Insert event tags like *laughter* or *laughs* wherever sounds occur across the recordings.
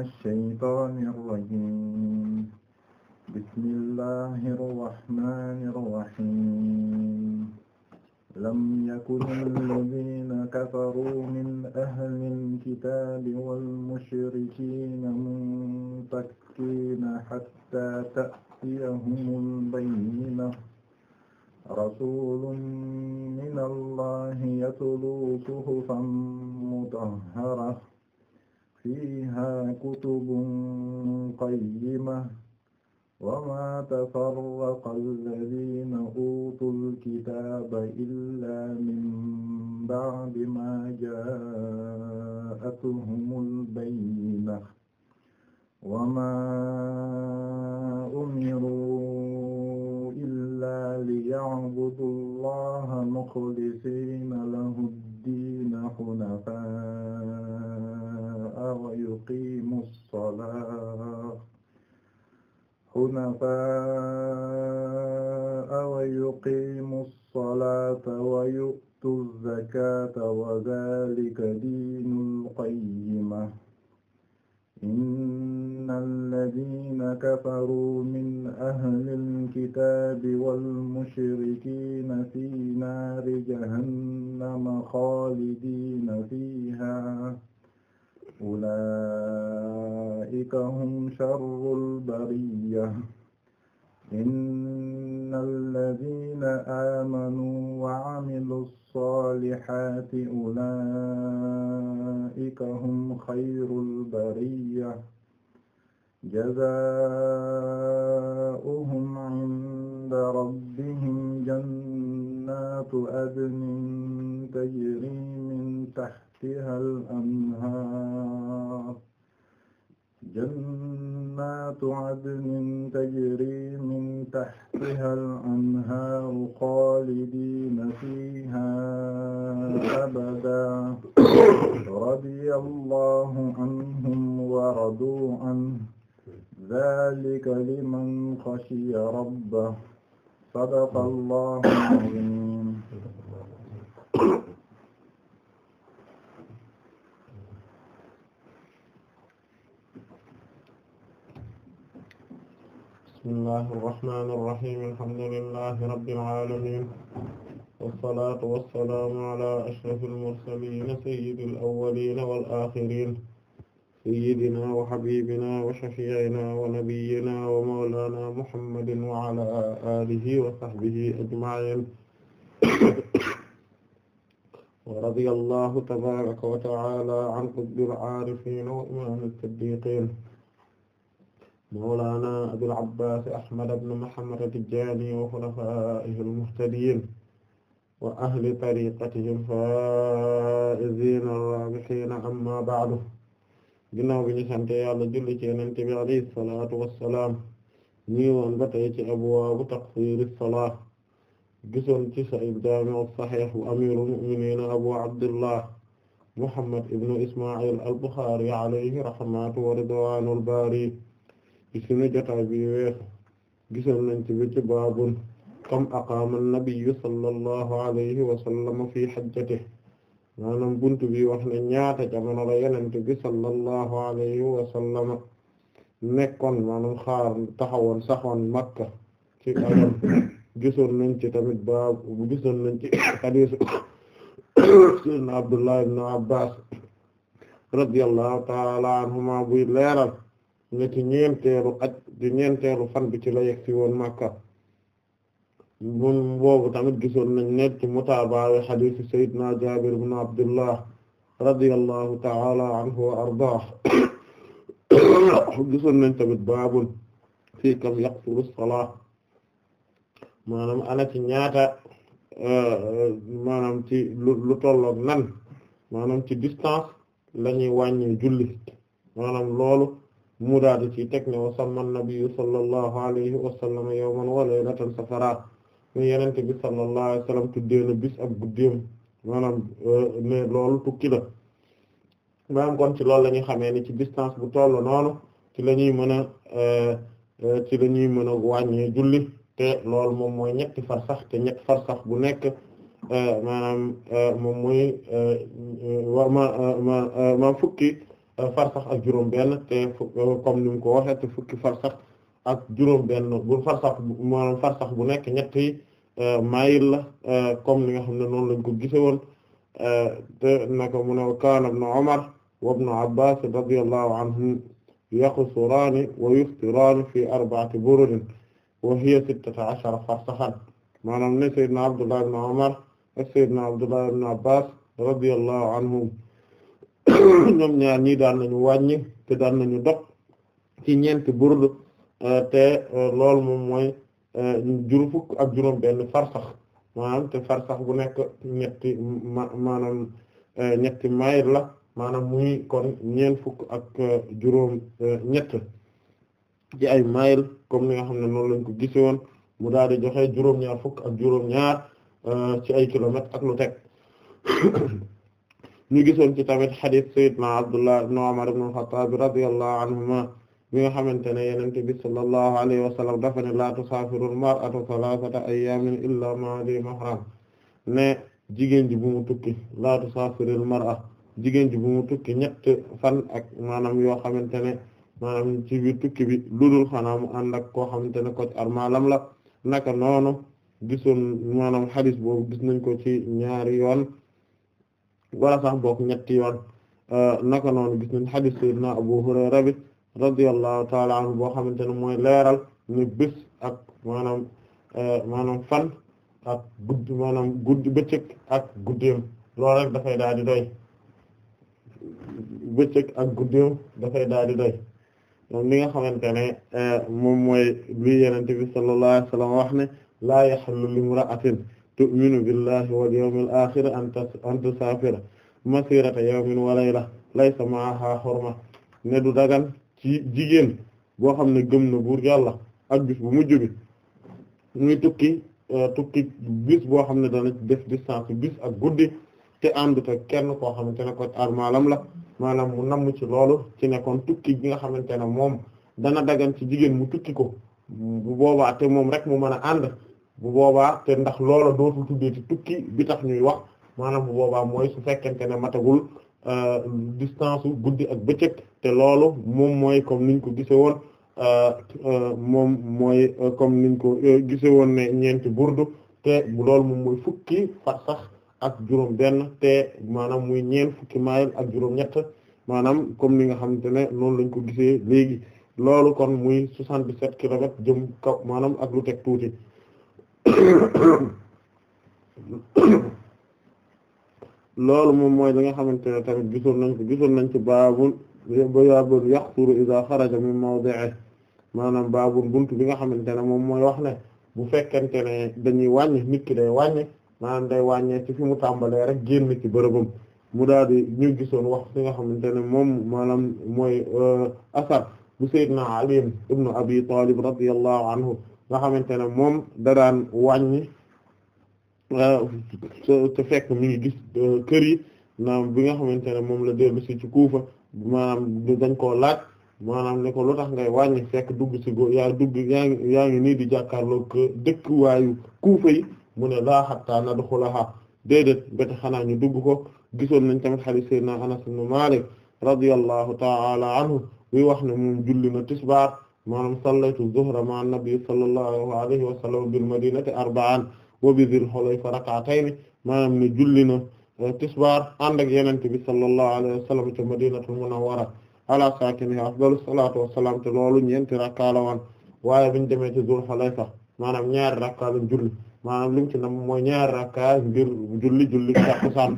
الشيطان الرجيم بسم الله الرحمن الرحيم لم يكن الذين كفروا من أهل الكتاب والمشركين منفكين حتى تأتيهم البينة رسول من الله يتلو صحفا مطهرة fiihaa kutubun qayyima wa maa tafarraqa allaziina uutul kitaaba illaa min ba'di maa jaa'athumul bayyina wa maa umiruu illaa liya'budu llaaha muxlisiina lahu ddiina hunafaa wa yuqimu as-salata hunafa'a wa yuqimu as-salata wa yu'tu az-zakata wa dhalika dinul qayyimah إن الذين كفروا من أهل الكتاب والمشركين في نار جهنم خالدين فيها أولئك هم شر البرية إن الذين آمنوا وعملوا الصالحات أولئك هم خير البرية جزاؤهم عند ربهم جنة عدن تجري من تحتها الأنهار جنات عدن تجري من تحتها الأنهار خالدين فيها أبدا رضي الله عنهم ورضوا عنه ذلك لمن خشي ربه صدق الله العظيم bismillahi irrahmani irrahim alhamdulillahi rabbil alamin wassalatu wassalaamu ala ashrafi almursalina sayyidi alawalina walaxirin sayidina wa habibina wa shafiina wa nabiyina wa mawlana muhammadin wa ala alihi wa sahbihi ajma'in radiyallahu tabaaraka wa ta'aala an qutbil aarifiin wa imaamil siddiqiin mawlaanaa abil abbaas ahmad ibn muhammad at-tijaani wa xulafaa'ihil muhtadiin wa ahli tariiqatihil faa'iziin ar-raabihiin ammaa ba'du ginnaaw bi ñu sant Yàlla julli ci Yonent bi alayhi salaatu wa salaam ñi woon ba tey ci abwaabu taqsiiris salaat gisoon ci sa jaami' as-sahih wa amirul mu'minin abu abdullah muhammad ibnu isma'il al-bukhari alayhi rahmatu wa ridwanul bari ci sunu jotaay bi wees gisoon nañ ci bëcc baabun kam aqaama an-nabiyyu sallallahu alayhi wa sallam fi hajjatihi maanaam buntu bi wax na ñaata jamono la yonent bi sallallahu alayhi wa sallam nekkoon maanaam xaar taxawoon makka ci gisoon nañ ci tamit baab gisoon nañ ci hadiis *coughs* sayyidina Abdullah ibn Abbas radiyallahu ta'ala anhuma buy leeral ne ci fan bi ci la yegg si woon Makka moom boobu tamit gisoon nañ ne ci mutaabaawe hadiis sayyidina Jaabir ibn Abdullah radiyallahu ta'ala anhu wa ardaahu *coughs* gisoon nañ tamit baabun fii kam yaqsuru salaat maanaam ana ci ñaata euh, maanaam ci lu tolloog nan maanaam ci distance lañuy ñuy wàññi julli maanaam loolu mu daadi ci teg ne wa sama nabiyu sallallahu alayhi wa sallam yawman wa laylatan safara mu yenente bi sallallahu alayhi wa sallam tuddeena bis ak guddeem maanaam euh, ne loolu tukki la maanaam kon ci loolu lañuy ñuy xamee ni ci distance bu tolloo noonu ci lañuy ñuy mën a euh, ci la mën a wàññee julli te loolu moom mooy ñetti farsax te ñetti farsax bu nekk euh, maanaam euh, moom mooy euh, ma fukki farsax ak juróom benn te comme ko waxee te fukki farsax ak juróom benn bu farsax maanaam farsax bu nekk ñetti mayil la comme ni nga xam ne noonu lañ ko gise woon te naka mu ne kaana ibnu Umar wa ibnu Abbaas radiyallahu anhum yaqsuraani wa yuftiraani fi arba'ati burudin wa hiya sittata ashara farsaxan maanaam ne na Abdullah ibn Umar ak Seydina Abdullah ibn Abbas radiyallahu anhum ñoom ñaar ñii daan nañu wàññi te daan nañu dog ci ñeenti burd te loolu moom mooy jur fukk ak juróom benn farsax maanaam te farsax bu nekk ñetti maanaam ñetti mayr la maanaam muy kon ñeent fukk ak juróom ñett ci ay mayl comme ni nga xam ne noonu lañ ko gise mu daal di joxe juróom-ñaar fukk ak juróom-ñaar euh, ci ay kilomètres ak lu teg *coughs* ñu gisoon ci tamit xadis sayyidna Abdullah ibn Umar ibn al-Khattab anhuma mi nga xamante ne bi sallallahu alayhi wa dafa ne la tusaafirul mar'atu thalathata ayyamin illa ne jigéen ji la tusaafirul mar'a jigéen ji bu mu tukki ñett fan ak maanaam yoo xamante ne maanaam ci biir tukki bi ludul xanaa mu ànd ak koo xamante ne ko armalam la naka noonu gisoon maanaam xadis boobu gis nañ ko ci ñaari yoon wala sax bokk ñetti yoon euh, naka noonu gis nañ xadis sayyidina Abu Hurayra bi radiyallahu taala anhu boo xamante ne mooy leeral ni ak maanaam euh, maanaam fan ak guddi maanaam guddi bëccëg ak guddeem loolu dafay daal di doy bëccëg ak guddeem dafay daal doy moom li nga xamante ne eh, moom mooy bi yenente bi sallallahu wax ne laa yahillu limra'atin tu'minu billahi wal yawmil akhir an tusafira masirata yawmin wa layla laysa ma'aha hurma ne du dagan ci jigéen boo xam ne gëm na buur yàlla ak bis bu mujj bi tukki eh, tukki bis boo xam ne dana def distance bis ak guddi te àndut ak kenn koo xamante ne ko armalam la maanaam mu namm ci loolu ci nekkoon tukki bi nga xamante ne moom dana dagan ci jigéen mu tukki ko bu boobaa te moom rek mu mën a ànd bu boobaa te ndax loola dootul tuddee ci tukki bitax ñuy wax maanaam bu boobaa mooy su fekkente ne matagul euh, distance u guddi ak bëccëg te loolu moom mooy comme niñ ko gise woon euh, euh, moom mooy comme niñ ko gise woon ne ñeenti burdu te loolu moom mooy fukki far sax ak juróom benn te maanaam muy ñeent fukki mayil ak juróom ñett maanaam comme ni nga xamante ne noonu lañ ko gisee léegi loolu kon muy 77 kilomètres jëm kaw maanaam ak lu teg tuuti *coughs* loolu moom mooy la nga xamante ne tamit gisoon nañ ko gisoon nañ ci baabul baabul yaxturu iza xaraja min mawdi'i maanaam baabul buntu bi nga xamante ne moom mooy wax ne bu fekkente ne dañuy wàññi nit ki day wàññi maanaam day wàññee ci fi mu tàmbalee rek génn ci bërëbam mu daal di ñu gisoon wax fi nga xamante ne moom maanaam mooy euh, asar bu Seydina Ali ibn Abi Talib radiyallahu anhu nga xamante ne moom da daan wàññi euh, te fekk mi gis euh, kër yi naam bi nga xamante ne moom la dellu si ci Kuufa maanaam dañ koo laaj maanaam ne lu tax ngay wàññi fekk dugg si go yaa ngi nii di jàkkaarloo dëkk waayu Kuufa mu ne laa hatta nadxulaha déedéet bete xanaa ñu dugg ko gisoon nañ tamit hadith sayyidina Anas ibn Malik radiyallahu ta'ala anhu muy wax ne moom julli na tisbaar maanaam sallaytu zuhra ma'a nabi sallallahu alayhi wa sallam bil madinati arba'an wa bi dhil hulayfa rak'atayn maanaam ne julli na eh, tisbaar ànd ak yenente bi sallallahu alayhi wa sallam te madinatul munawwara ala saakinihaa afdalu salaatu wa salaam loolu ñeenti rakkaa la woon waaye biñ demee ci dhul hulayfa maanaam ñaari rakkaa lañ maanaam lim na nam mooy ñaar rakka ngir julli julli takkusaan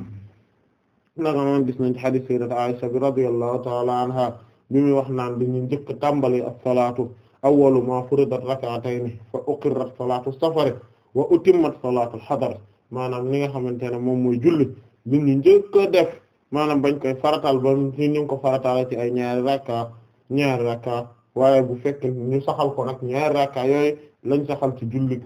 naka noonu gis nañ ci hadith sayyidat Aisha bi radiyallahu ta'ala anha bi muy wax naan dañu njëkk tàmbali as-salaatu awwalu ma furidat rak'atayni fa uqirrat salaatu safari wa utimmat salaatu al-hadar maanaam li nga xamante ne moom mooy julli li ñu njëkk a def maanaam bañ koy faratal ba ci ko farataal ci ay ñaari rakka ñaari rakka waaye bu fekk ñu saxal ko nag ñaari rakka yooyu lañ saxal ci julli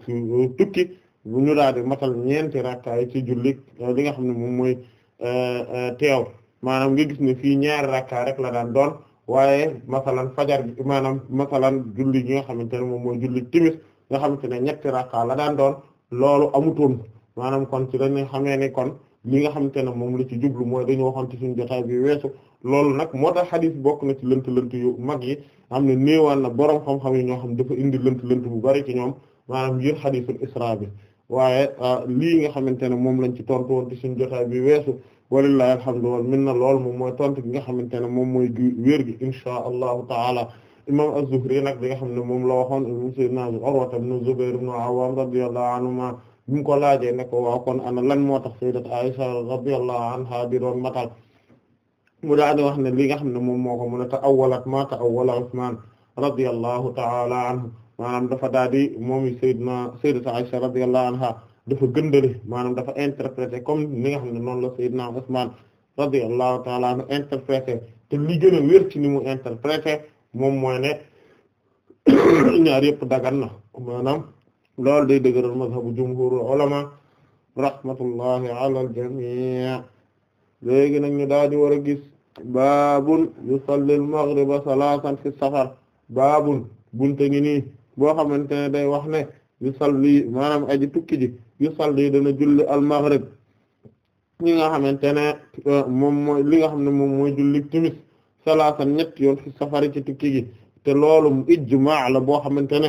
tukki bu ñu daal di matal ñeenti rakkaay ci julli euh, li nga xam ne moom mooy euh, euh, teew maanaam nga gis ne fii ñaari rakkaay rek la daan doon waaye masalan fajar bi maanaam masalan julli gi nga xamante ne moom mooy julli timis nga xamante ne ñetti rakka la daan doon loolu amutoon maanaam kon ci dañuy xamee ne kon li nga xamante ne moom la ci jublu mooy dañu waxoon ci suñu jotaay bi weesu loolu nag moo tax xadis bokk na ci lënt-lënt yu mag yi am ne néewaan na boroom xam-xam yi ñoo xam dafa indi lënt-lënt bu bari ci ñoom maanaam ngir xadisul isra bi waaye ah, lii nga xamante ne moom lañ ci tontu woon ci suñu jotaay bi weesu walillahi alhamdu wal minna lool moom mooy tontu gi nga xamante ne moom mooy wér gi inshaa allahu taala imam az-Zuhri nag li nga xam ne moom la waxoon ibn sayyidina Urwa ibn Zubayr ibn Awwam radiyallahu anhuma bi mu ko laajee ne ko waaw na ana moo tax sayyidat Aisha radiyallahu anha di mu daal di wax ne li nga xam ne moom moo ko mën a ta'awwalat ma ta'awwala Usman radiyallahu ta'ala anhu maanaam dafa daal di moom Seydina Sayyidatu Aisha radiyallahu anha dafa gëndale maanaam dafa interprété comme ni nga xam ne noonu la Seydina Usman radiyallahu ta'ala anhu interprété te li a wér ci ni mu interprété moom mooy ne *coughs* ñaar yëpp dagan na maanaam loolu day dëgëral mazhabu jumhurul ulama al jami' léegi nag ñu daal di war a gis baabun yusalli al maghriba salatan fi safar baabun bunte boo xamante ne day wax ne yu salli maanaam aji tukki ji yu salli dana julli al maghrib nga xamante ne euh, moom mooy li nga xam ne moom mooy julli timis salaasan ñett yoon fi safari ci tukki gi te loolu mu la boo xamante ne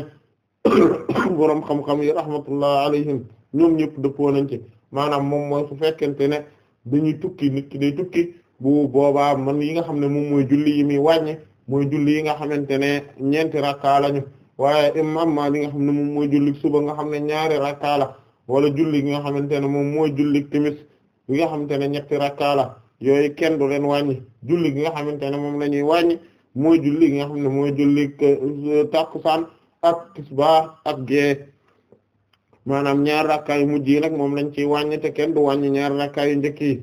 *coughs* boroom xam-xam yi rahmatullah alayhim ñoom ñëpp dëppoo nañ ci maanaam moom mooy su fekkente ne dañuy tukki nit ki day tukki bu boobaa man yi nga xam ne moom mooy julli yi muy wàññi mooy julli yi nga xamante ne ñeenti rakkaa waaye imam ma li nga xam ne moom mooy julli suba nga xam ne ñaari rakkaa la wala julli gi nga xamante ne moom mooy julli timis gi nga xamante ne ñetti rakkaa la yooyu kenn du leen wàññi julli gi nga xamante ne moom la ñuy wàññi mooy julli gi nga xam ne mooy julli euh, tàkkusaan ak tisbaar ak gée maanaam ñaari rakkaa yu mujj yi nag moom lañ ciy wàññi te kenn du wàññi ñaari rakkaa yu njëkk yi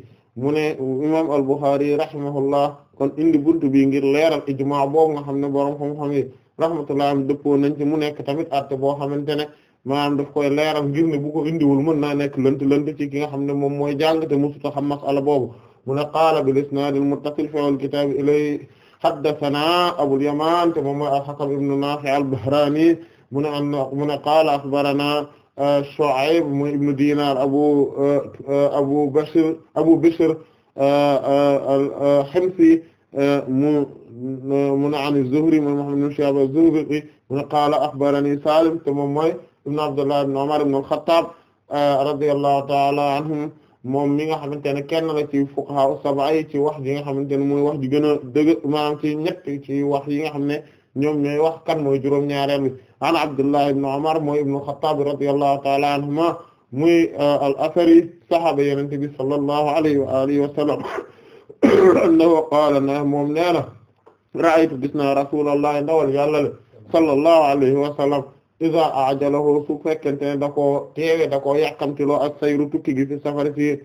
mu ne imam al-Bukhari rahimahullah kon indi buntu bii ngir leeral ijmaa bo nga xam ne boroom xam-xam yi rahmatullah am dëppoo nañ ci mu nekk tamit atte boo xamante ne maanaam daf koy leeral ngir ne bu ko indiwul mën naa nekk lënt lënt ci ki nga xam ne moom mooy jàng te musuta xam masala boobu mu ne qaala bil isnaadil muttasil fil kitaab ilay haddasanaa abul yamaan te moom mooy al-Hakam ibn Naafi' al-Bahraani mu ne an mu ne qaala axbaranaa euh, Shu'ayb mooy ibn Diinaar abu euh, abu Bishr abu euh, Bishr al-Himsi mu. mu ne an az-Zuhri mu Muhammad ibn Shihab az-Zuhri mu ne qaala axbarani Salim te moom mooy ibn Abdullah ibn Umar ibn al-Khattab eh, radiyallahu ta'ala anhum moom mi nga xamante ne kenn la ci fuqaha as-sab'a yi ci wax yi nga xamante ne mooy wax ji gën a dëgg maanaam ci ñett ci wax yi nga xam ne ñoom ñooy wax kan mooy juróom-ñaareel bi an Abdullah ibn Umar mooy ibn al-Khattab radiyallahu ta'ala anhuma muy eh, al-athari sahaaba yenente bi sallallahu alayhi wa alihi wa sallam *coughs* annahu qaala na moom nee na ra'aytu gis naa rasulullah ndawal yàlla le sallallahu alayhi wa sallam iza ajalahu su fekkente ne da koo teewe da ak sayru tukki gi fi safari fi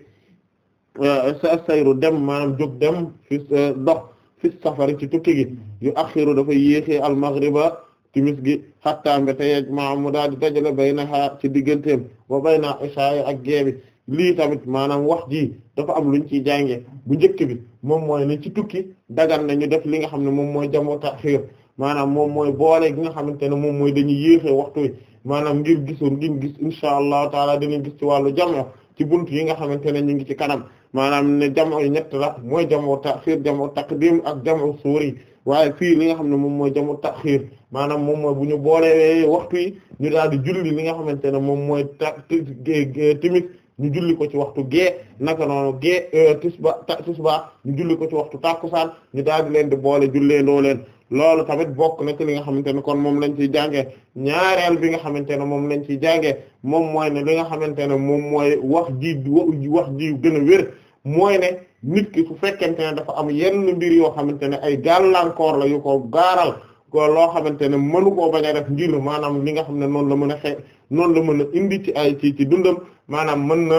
eh, sayru dem maanaam jóg dem eh, dox fi safari ci tukki gi yu axiru dafa yéexee al maghriba gi hatta mbete yej maam mu daal di dajale baynaha ci digganteem wa bayna isha ak géebi lii tamit maanaam wax ji dafa am luñ ciy jànge bu njëkk bi moom mooy ni ci tukki dagan na ñu def li nga xam ne moom mooy jamu taxiir maanaam moom mooy boole gi nga xamante ne moom mooy dañuy yéexee waxtu wi maanaam ngir gisoon ngir gis insha allahu taala dinañ gis ci wàllu jamoo ci buntu yi nga xamante ne ñu ngi ci kanam maanaam ne ñett la mooy jamoo taxiir jamoo taqdim ak jamoo suuri waaye fii li nga xam ne moom mooy jamoo taxiir maanaam moom mooy bu ñu boolewee waxtu yi ñu daal di julli li nga xamante ne moom mooy ta timit ñu julli ko ci waxtu gee naka noonu gee euh, tisba tisba ñu julli ko ci waxtu tàkkusaan ñu daal di leen di boole julleendoo leen loolu tamit bokk na ci li nga xamante ne kon moom lañ ciy jànge ñaareel bi nga xamante ne moom lañ ciy jànge moom mooy ne li nga xamante ne moom mooy wax ji wax ji gën a wér mooy ne nit ki su fekkente ne dafa am yenn mbir yoo xamante ne ay gàllankoor la yu ko gaaral ko loo xamante ne mënu koo bañ a def ngir maanaam li nga xam ne noonu la mën a xe noonu la mën a indi ci ay ci ci dundam maanaam mën na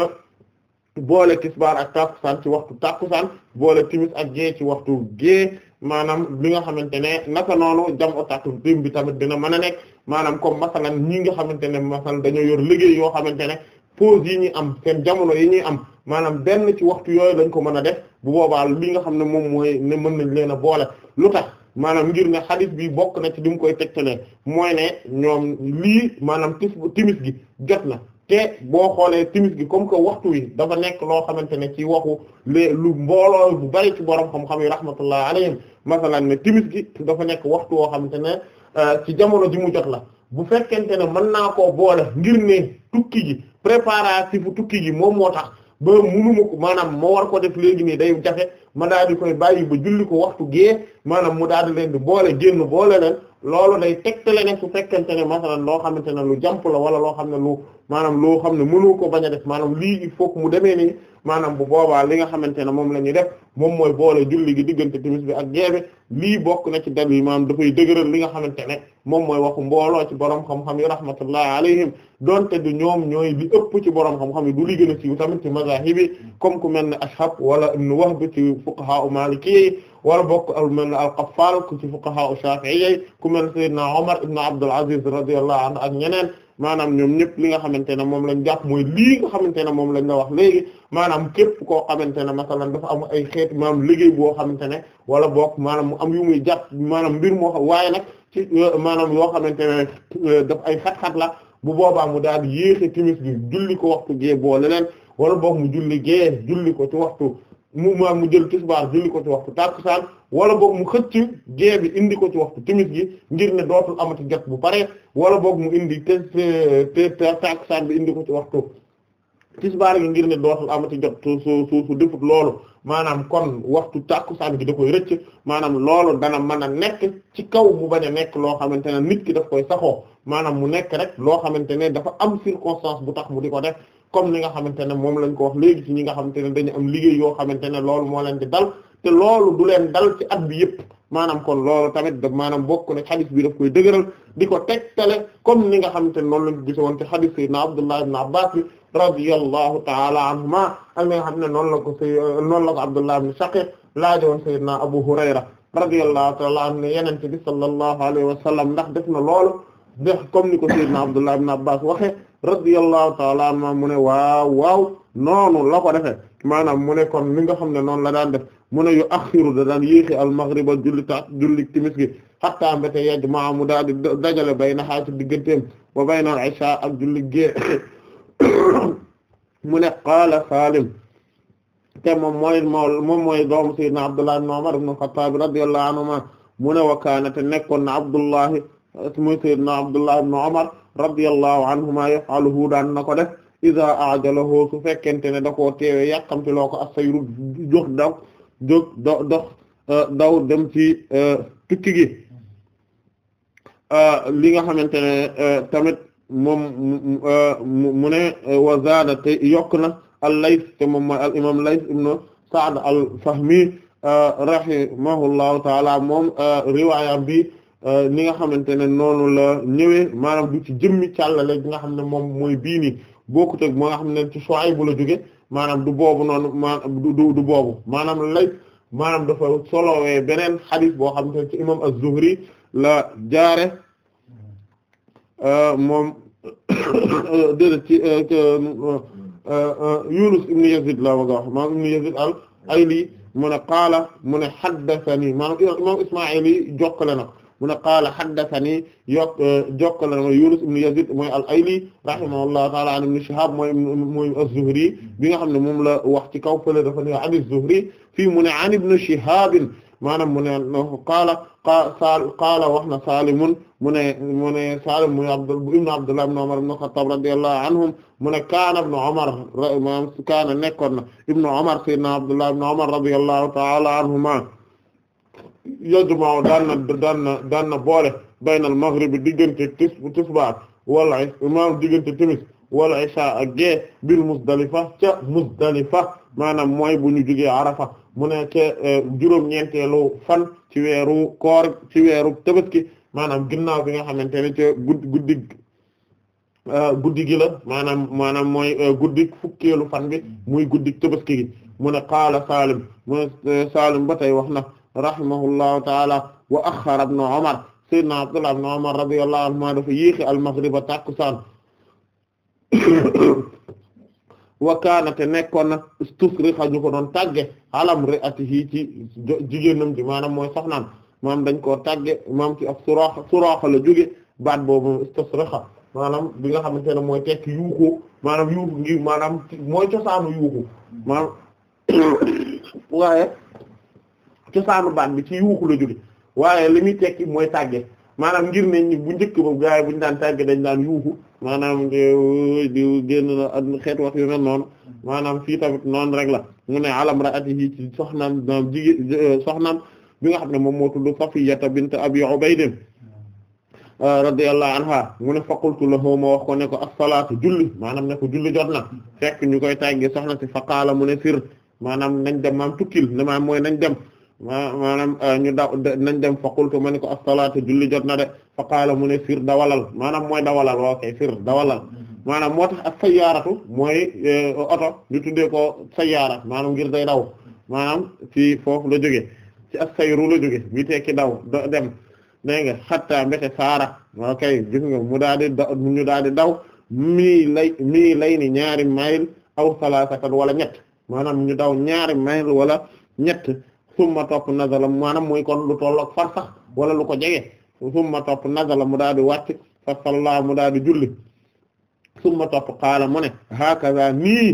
boole tisbaar ak tàkkusaan ci waxtu tàkkusaan boole timis ak gée ci waxtu gée maanaam li nga xamante ne naka noonu jam o tàkku dim bi tamit dina mën a nekk maanaam kom masalan ñi nga xamante ne masalan dañoo yor liggéey yoo xamante ne pause yi ñuy am seen jamono yi ñuy am maanaam benn ci waxtu yooyu lañ ko mën a def bu boobaal li nga xam ne moom mooy ne mën nañ leen a boole lu tax maanaam ngir ne xadis bi bokk na ci li mu koy tegtale mooy ne ñoom lii maanaam tis timis gi jot na te boo xoolee timis gi comme que waxtu wi dafa nekk loo xamante ne ci waxu le lu mbooloo bu bari ci borom xam-xam yi rahmatullah alayhim masalan ne timis gi dafa nekk waxtu woo xamante ne euh, ci jamono ji mu jot la bu fekkente ne mën naa ko boole ngir ne tukki gi préparatif tukki gi moom moo tax ba munuma ko maanaam moo war ko def léegi nii day jafe ma daal di koy bàyyi ba julli ko waxtu gee maanaam mu daal di leen di boole génn boole leen loolu day tegtale ne su fekkente ne masalan loo xamante ne lu jàmp la wala loo xam ne lu maanaam loo xam ne mënu ko bañ a def maanaam lii il faut mu demee nii maanaam bu boobaa li nga xamante ne moom la ñuy def moom mooy boole julli gi diggante timis bi ak geewe lii bokk na ci dal yi maanaam dafay dëgëral li nga xamante ne moom mooy waxu mbooloo ci borom xam-xam yi rahmatullahi alayhim donte du ñoom ñooy li ëpp ci borom xam-xam yi du li gën a siiw tamit ci mazahib yi comme ku mel ne Ashhab wala Ibn Wahb ci fuqaha Maliki wala bokk al mel ne al-Qaffal ku ci fuqaha Shafi'i ku mel ne Sayyidina Umar ibn Abdul Aziz radiyallahu anhu ak ñeneen maanaam ñoom ñëpp li nga xamante ne moom lañ jàpp mooy lii nga xamante ne moom lañ la wax léegi maanaam képp koo xamante ne masalan dafa am ay xeet maanaam liggéey boo xamante ne wala boog maanaam mu am yu muy jàpp maanaam mbir moo waaye nag ci maanaam yoo xamante ne euh, daf ay xat-xat la bu boobaa mu daal di yéexe timis bi julli ko waxtu gee boole leen wala boog mu julli gee julli ko ci waxtu mu maam mu jël tisbaar julli ko ci waxtu tàkkusaan wala boog mu xëcc gée bi indi ko ci waxtu timis gi ngir ne dootul amati jot bu pare wala boog mu indi te te tàkkusaan bi indi ko ci waxtu tisbaar gi ngir ne dootul amati jot su su su defut loolu maanaam kon waxtu tàkkusaan gi da koy rëcc maanaam loolu dana mën a nekk ci kaw mu bañ a nekk loo xamante ne nit ki daf koy saxoo maanaam mu nekk rek loo xamante ne dafa am circonstance bu tax mu di ko def comme ni nga xamante ne moom lañ ko wax léegi ci ñi nga xamante ne dañu am liggéey yoo xamante ne loolu moo leen di dal te loolu du leen dal ci at bi yëpp maanaam kon loolu tamit da maanaam bokk na xadis bi daf koy dëgëral di ko tegtale comme ni nga xamante ne noonu lañ ko gisoon ci xadis sayyidina Abdullah ibn Abbas bi radiyallahu ta'ala anhuma ak nga xam ne noonu la ko say noonu la ko Abdullah ibn Shaqiq laajowoon sayyidina Abu Hurayra radiyallahu ta'ala anhu ne yenente bi sallallahu alayhi wa sallam ndax def na loolu def comme ni ko sayyidina Abdullah ibn Abbas waxe radiyallahu taala anhu mu ne waaw waaw noonu la ko defee maanaam mu ne kon li nga xam ne noonu la daan def mu ne yu axiru da daan yéexi almaghriba julli ta julli timis gi xattaa mbéte yaj maa mu daal di dajale bay na xaa ci digganteem ba bay na isha ak julli gée *coughs* mu ne qaala salim te moom mooy moom mooy doomu sayyidina abdullah ibn umar ibn khattab radiyallahu anhuma mu ne wa kaana te nekkoon na abdullahi muy sayyidina abdullah ibn umar radiyallahu anhuma yafaluhu daan na ko def iza ajalahu su fekkente ne da koo teewe yàkkamti loo ko assayru jox daw jóg euh, dem ci euh, tukki gi euh, li nga xamante ne tamit moom mu te yokk na al-Layth te moom mooy al Layth ibn Sa'd al-Fahmi rahimahullahu taala moom riwaaya bi Euh, ni nga xamante ne noonu la ñëwee maanaam du ci jëmmi càllale bi nga xam ne moom mooy bii boo bokkut ak moo nga xam ne ci Shuayb bu la jóge maanaam du boobu noonu maanaam du du boobu maanaam lay maanaam dafa solowee beneen xadis boo xam ne ci imam az la jaare euh, moom *coughs* déedéet ci euh, Yunus ibn Yazid la waga wax maanaam ibn Yazid mu ne mu ne haddathani maanaam imam Ismaa'il yi jokkale na mu ne qaala haddathani yokk euh, jokkale ma Yunus ibn Yazid mooy al-Ayli rahimahullahu ta'ala an ibn Shihab mooy mooy az-Zuhri bi nga xam ne moom la wax ci kaw fële dafa ne an az-Zuhri fii mu ne an ibn Shihab maanaam mu ne qaala qaala wax na Saalimun mu ne mu ne Saalim mu ibn Abdullah ibn Umar ibn Khattab radiyallahu anhum mu ne kaana ibn Umar maanaam kaana nekkoon na ibn Umar sayyidina Abdullah ibn Umar radiyallahu ta'ala anhuma yajma'u daan na daan na daan na boole baynal maghribi diggante tis tisbaar wala maanaam diggante timis wala isha ak gee bil Muzdalifa ca Muzdalifa maanaam mooy bu ñu jugee Arafa mu ne ca eh, juróom-ñeenteelu fan ci weeru koor ci weeru Tabaski maanaam ginnaaw bi nga xamante ne ca guddi guddi eh, guddi gi la maanaam maanaam mooy eh, guddi fukkeelu fan bi muy guddi Tabaski gi mu ne qaala Saalim mu ne Saalim ba tey wax na rahimahullahu taala wa axara ibn Umar sayyidina Abdullah ibn Umar radiyallahu anhuma dafa yéexi al-maghrib ba tàkkusaan *coughs* wa kaana te nekkoon na istusrixa ñu ko doon tàgge alam re ati yii ci jigéenam ji maanaam mooy soxnaam maam dañ koo tàgge maam ci ak suraaxa la jóge baat boobu istusrixa maanaam bi nga xamante ne mooy tekk yuuxu maanaam yuuxu ngi mooy cosaanu yuuxu maanaam *coughs* waaye cosaanu baat bi ci yuuxu la jóge waaye li muy tekki mooy tàgge maanaam ngir ne bu njëkk ba gaay bu ñu daan tàgge dañ daan yuuxu maanaam euh, di génn na xeet wax yu mel noonu maanaam fii tamit noonu rek la mu ne alam ra ati yi ci soxnaam naam euh, jigéen euh, soxnaam bi nga xam ne moom moo tudd Safiyata bint Abi Ubayd radiyallahu anha mu ne faqultu lahu ma wax ko ne ko as-salaatu julli maanaam ne ko julli jot na fekk ñu koy tàggee soxna si faqaala mu ne fir maanaam nañ dem maam tukkil ne maam mooy nañ dem maanaam euh, ñu daw nañ dem fa qultu ma ni ko as-salaatu julli jot na de fa mu ne fir dawalal maanaam mooy dawalal waaw kay dawalal mm-hmm. maanaam moo tax ak sayyaaratu mooy euh, oto ñu tuddee ko sayyaara maanaam ngir day daw maanaam ci foofu la jóge ci as-sayru la jóge bi tekki daw dem dégg nga xatta mbete saara waaw kay mu daal di ñu daal di daw mii lay mii lay ni ñaari mayl aw salaasatan wala ñett maanaam ñu daw ñaari mayl wala ñett summa topp nazala maanaam mooy kon lu tolloog far sax wala lu ko jege summa topp nazala mu daal di wàcc fa salla mu daal di julli summa topp qaala mu ne nii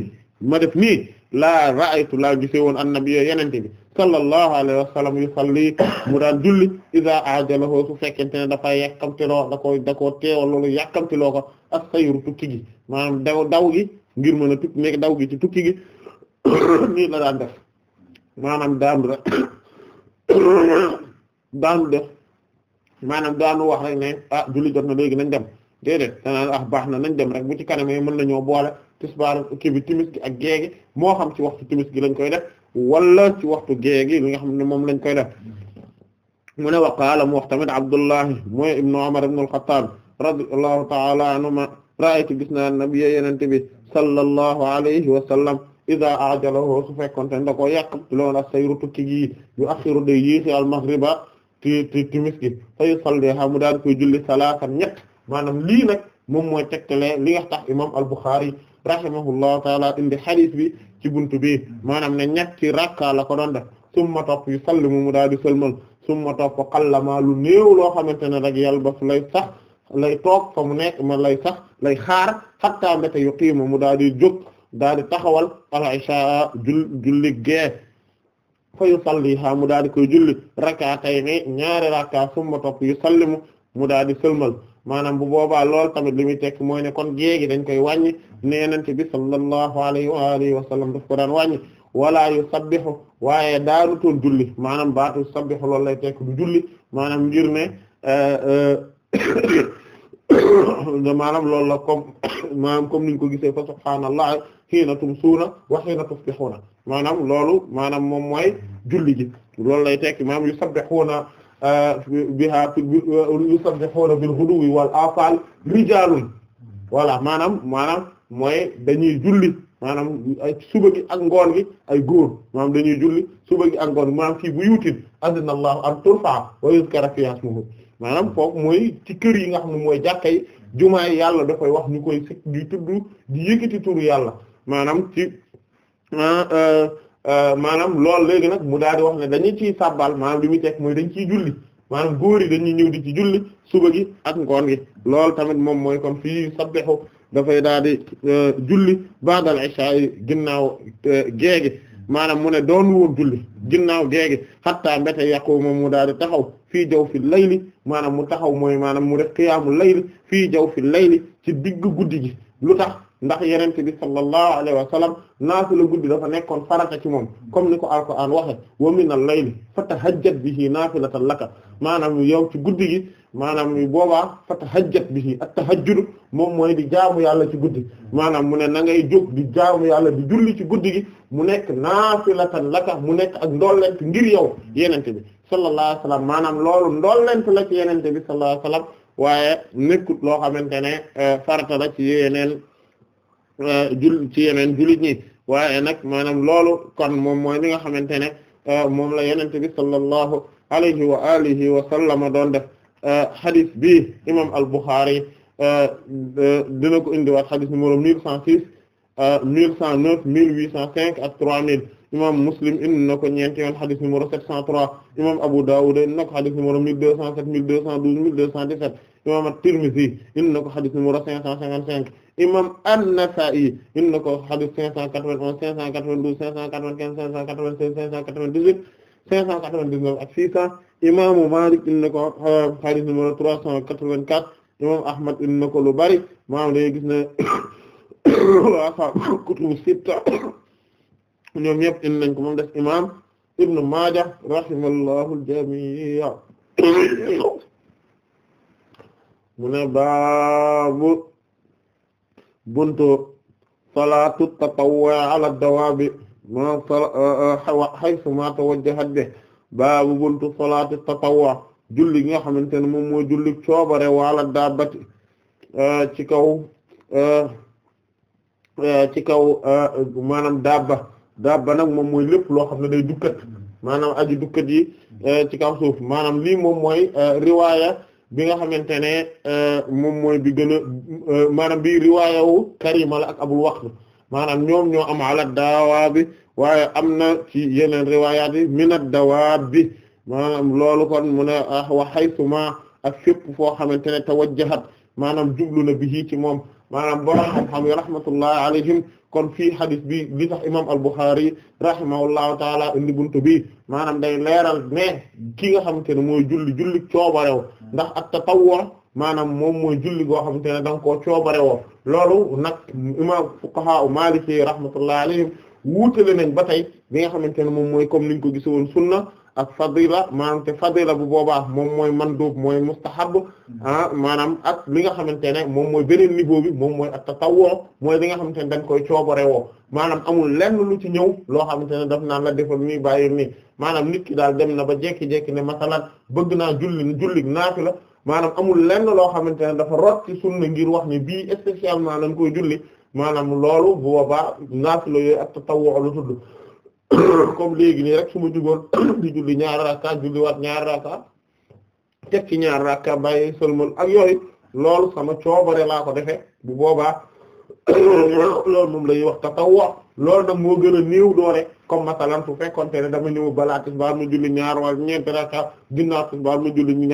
ma def nii laa ra'aytu laa gisee woon annabiyya yenente bi sallallahu alayhi wa sallam yusalli mu daan julli iza ajalahu su fekkente ne dafay yàkkamtiloo da ko da teewal loolu yàkkamtiloo ko as-sayru tukki gi maanaam daw daw gi ngir mën a tukki daw gi tukki gi *coughs* nii la daan def maanaam daanu rek *coughs* daanu def maanaam daanu wax rek ne ah julli jot na léegi nañ dem déedéet danaan ah baax na nañ dem rek bu ci kanamee mën nañoo boole tisbaar kii bi timis gi ak géegi moo xam ci waxtu timis gi lañ koy def walla ci waxtu géegi li nga xam ne moom lañ koy de mu ne waqaala mu wax tamit Abdullahi mooy ibnu Umar ibnu al-Khattab radiyallahu ta'ala anhuma ra'aytu gis naa nabiyya yenente bi sallallahu alayhi wa sallam ida ajalahu su fekkoon te da koo yàqamtiloon ak sayru tukki gi yu axiru day yéexi al maghriba ti ti timis gi fayu salli mu daal koy julli salaatan ñett maanaam lii nag moom mooy tegtale li nga tax imam al Bukhari rahimahullahu taala indi hadith bi ci buntu bi maanaam ne ñetti rakka la ko doon def summa topp yu sallimu mu mu daal di sëlmal summa topp xallama lu néew loo xamante ne rek yàlla ba lay sax lay toog fa mu nekk ma lay sax lay xaar xattaa mbéte yu qiima daal di jóg daal di taxawal al-isha jul julli gee fa yusalliha mu daal di koy julli rak'atayni ñaari rakka summa topp yusallimu mu daal di sëlmal maanaam bu boobaa lool tamit li muy tekk mooy kon géegi dañ koy wàññi neenante bi sallallahu alayhi wa alihi wa sallam daf ko daan wàññi waaye daanu toon julli maanaam baatu sabbihu loolu lay tekk du julli maanaam ngir ne euh, euh, *coughs* maanaam loolu la comme *coughs* maanaam comme niñ ko gisee fa subhaanallah xiina tumsuuna wa xiina tusbixuuna maanaam loolu maanaam moom mooy julli ji loolu lay tekki maanaam yusabbihuuna uh, biha yusabbihuuna bil ghuduwwi wal aasaal rijaalun voilà maanaam maanaam mooy dañuy julli maanaam ay ak ngoon gi ay góor maanaam dañuy julli suba gi ak ngoon gi maanaam fii bu yuutin adina allahu an turfa wa yuzkara fi ismuhu maanaam foofu mooy ci kër yi nga xam ne mooy jàkka jumaa yàlla da koy wax ñu koy sëkk di tudd di yëkkati turu yàlla maanaam ci ah, euh, euh, maanaam loolu léegi nag mu daal di wax ne dañu ciy sabbal maanaam li muy mooy dañu ciy julli maanaam góor yi dañuy di ci julli suba gi ak ngoon gi loolu tamit moom mooy kon fii sabbihu dafay daal di euh, julli ba'dal isha yi ginnaaw géegi maanaam mu ne doon woon julli ginnaaw géegi hatta mbete yàqu moom mu daal di taxaw fii jaw fi layli maanaam mu taxaw mooy maanaam mu def qiyaamu layli fii jaw fi layli ci digg guddi gi lu tax ndax yenente bi sallallahu alayhi wa sallam naafila guddi dafa nekkoon farata ci moom comme ni ko alquran waxe wa min al-layli fatahajjat bihi naafilatan laka maanaam yow ci guddi gi maanaam boobaa bi bihi at-tahajjud moom mooy di jaamu yàlla ci guddi maanaam mu ne na ngay jóg di jaamu yàlla di julli ci guddi gi mu nekk naafilatan laka mu nekk ak ndollent ngir yow yenente bi sallallahu alayhi wa sallam maanaam loolu ndollent la ci yenente bi sallallahu alayhi wa sallam waaye nekkut loo xamante ne eh, farata la ci yeneen Euh, jul ci yeneen jullit ñi waaye nag maanaam loolu kon moom mooy li nga xamante ne euh, moom la yonent bi sallallahu alayhi wa alihi wa sallama doon def euh, hadith bi imam al-Bukhari dina ko indiwaat hadith numéro mille cent six mille cent neuf mille huit cent cinq a trois mille imam Muslim indi na ko ñeenti yoon hadith numéro sept cent trois imam Abu Dawud indi na ko hadith numéro mille deux cent sept mille deux cent douze mille deux cent dix-sept imam at-Tirmidhi indi na ko xadis numéro 555 imam an-Nasa'i indi na ko xadis 591 592 595 596 598 599 ak 600 imaamu Malik indi na ko euh, xadis numéro 384 imam Ahmad indi na ko lu bari maanaam day gis ne *coughs* waa ashaabu kutubu sitta *coughs* ñoom ñëpp indi nañ ko moom des imam Ibn Maaja rahimahullahu al-jamii' *coughs* mu ne baabu buntu salaatu tatawwu ala dawaabi ma eh, eh, haythuma tawajjahat bi baabu buntu salaatu tatawwu julli nga xamante ne moom mooy julli coobare wala daabati eh, ci kaw ci kaw maanaam daabba daabba nag moom mooy lépp loo xam ne day dukkat maanaam aji dukkat ci kaw suuf maanaam lii moom mooy riwaaya bi nga xamante ne euh, moom mooy bi gën a euh, maanaam bi riwaayawu Karima la ak Abul wax maanaam ñoom ñoo am ala dawaa bi waaye am na ci yeneen riwaayaat yi minat dawaa bi loolu kon mu ne ah wa haythuma ak fépp foo xamante ne tawajjahat maanaam jublu na bi ci moom maanaam borom xam-xam alayhim kon fii hadith bi li tax imam al-Bukhari rahimahullahu taala indi buntu bi maanaam day leeral ne ki nga xamante ne mooy julli julli coobarew hmm. ndax ak tatawwu maanaam moom mooy julli goo xamante ne da nga koo coobarewoo loolu nag imam fuqaha maliki rahmatullahi alayhim wuutale nañ ba tey bi nga xamante ne moom mooy comme niñ ko gisoon sunna ak fadila maanaam te fadila bu boobaa moom mooy mandub mooy mustahab mm-hmm. ah maanaam ak li nga xamante ne moom mooy beneen niveau bi moom mooy ak tatawwu mooy li nga xamante ne dañ koy coobare woo maanaam amul lenn lu ci ñëw loo xamante ne daf naan la defal nii bàyyi nii maanam nit ki daal dem na ba jekki-jekki ne masalan bëgg naa julli julli naafi la maanaam amul lenn loo xamante ne dafa rot ci sunna ngir wax ni bii spécialement lañ koy julli maanaam loolu bu boobaa naafi la yooyu ak tatawwu lu tudd *coughs* comme léegi nii rek su ma jugoon *coughs* di julli ñaar rakka julliwaat ñaar rakka teg ci ñaar rakka bàyyi sëlmal ak yooyu loolu sama coobare laa ko defee bu boobaa *coughs* loolu moom lay wax tatawwa loolu nag moo gën a néew doole comme masalan su fekkoonte ne dama ñëw balaa tisbaar mu julli ñaar wala ñeenti rakka ginnaaw tisbaar ma julli hmm.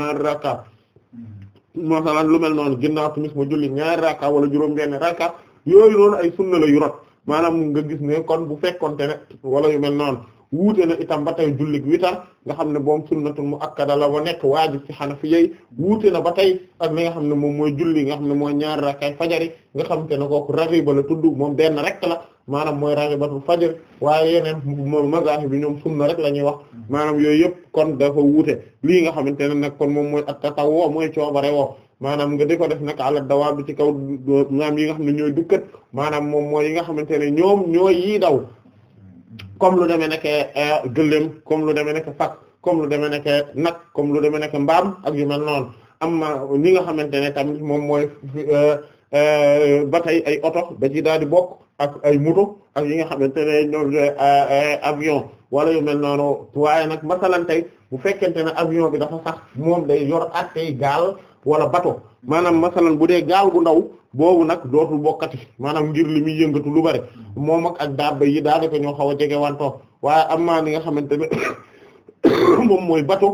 lu mel noonu ginnaaw timis ma julli ñaar rakka wala juróom benn rakka yooyu noonu ay sunna la yu maanaam nga gis ne kon bu fekkonte ne wala yu mel noonu wuute na itam ba tey jullig witar nga xam ne boom sunnatul muakkada la ba nekk waajib ci hanafiyyi wuute na ba tey ak li nga xam ne moom mooy julli nga xam ne mooy ñaar rakkay fajari nga xam te ne kooku raxiba la tudd moom benn rek la maanaam mooy raxibatul fajar waaye yeneen mazahib bi ñoom sunna rek la ñuy wax maanaam yooyu yëpp kon dafa wuute lii nga xamante ne nag kon moom mooy at-tatawwu mooy coobare woo maanaam nga di ko def nag ala dawaa bi ci kaw maanaam yi nga xam ne ñooy dukkat maanaam moom mooy yi nga xamante ne ñoom ñooy yi daw comme lu demee nekk eh, gëléem comme lu demee nekk fas comme lu demee nekk nag comme lu demee nekk mbaam ak yu mel noonu am na ñi nga xamante ne tamit moom mooy eh, eh, ba ay oto da daal di bokk ak ay moto ak yi nga xamante ne ñoom ñooy avion wala yu mel noonu waaye nag masalan tey bu fekkente ne avion bi dafa sax moom day yor attey wala bato maanaam masalan bu dee gaaw gu ndaw boobu nag dootul bokkati maanaam ngir li muy yëngatu lu bari moom ak ak daaba yi daanaka ñoo xaw a jege wanto waaye am li nga xamante ne *coughs* mooy bato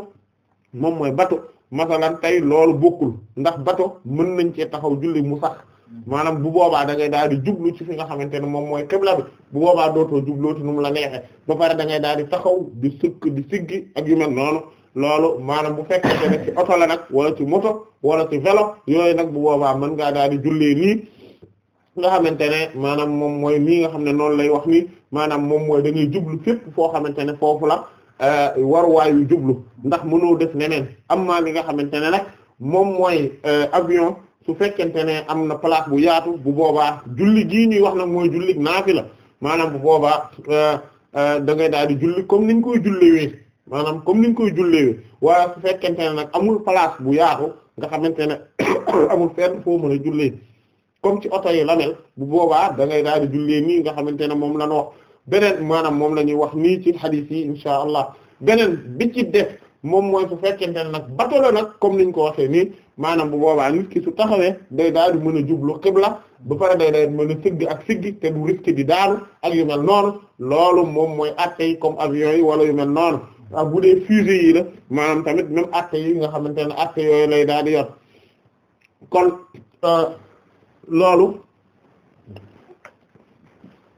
moom mooy bato masalan tey loolu bokkul ndax bato mën nañ cee taxaw julli mu sax maanaam bu boobaa da ngay daal di jublu ci fi nga xamante ne moom mooy xibla bi bu boobaa dootoo jublooti nu mu la neexee ba pare da ngay daal di taxaw di sëkk di siggi ak yu noonu loolu maanaam bu fekkente ne ci oto nag wala ci moto wala ci vélo yooyu nag bu boobaa mën ngaa daal di jullee nga xamante ne maanaam moom mooy nii nga xam ne noonu lay wax nii maanaam moom mooy da jublu fépp foo xamante ne foofu la euh, waruwaay yu jublu ndax mënoo def neneen am maa li nga xamante ne nag moom mooy euh, avion su fekkente ne am na place bu yaatu bu boobaa julli gii ñuy wax nag mooy julli naafi la maanaam bu boobaa euh, da ngay daal di julli comme niñ koy jullee maanaam comme niñ koy jullee waaye su fekkente ne nag amul place bu yaatu nga xamante ne *coughs* amul fenn foo mën a jullee comme ci oto yi la bu boobaa da ngay daal di jullee nii nga xamante ne moom la ñu wax beneen maanaam moom la ñuy wax nii ci hadith yi insha allah beneen bi ci def moom mooy su fekkente ne nag bato nag comme niñ ko waxee nii maanaam bu boobaa nit ki su taxawee day daal di mën a jublu xibla ba pare day day mën a sigg ak siggi te du risque di ak yu mel noonu loolu moom mooy atte yi comme avion yi wala yu mel noonu a bu dee fusée yi la maanaam tamit même actes yi nga xamante ne actes yooyu lay daal di yor kon euh, loolu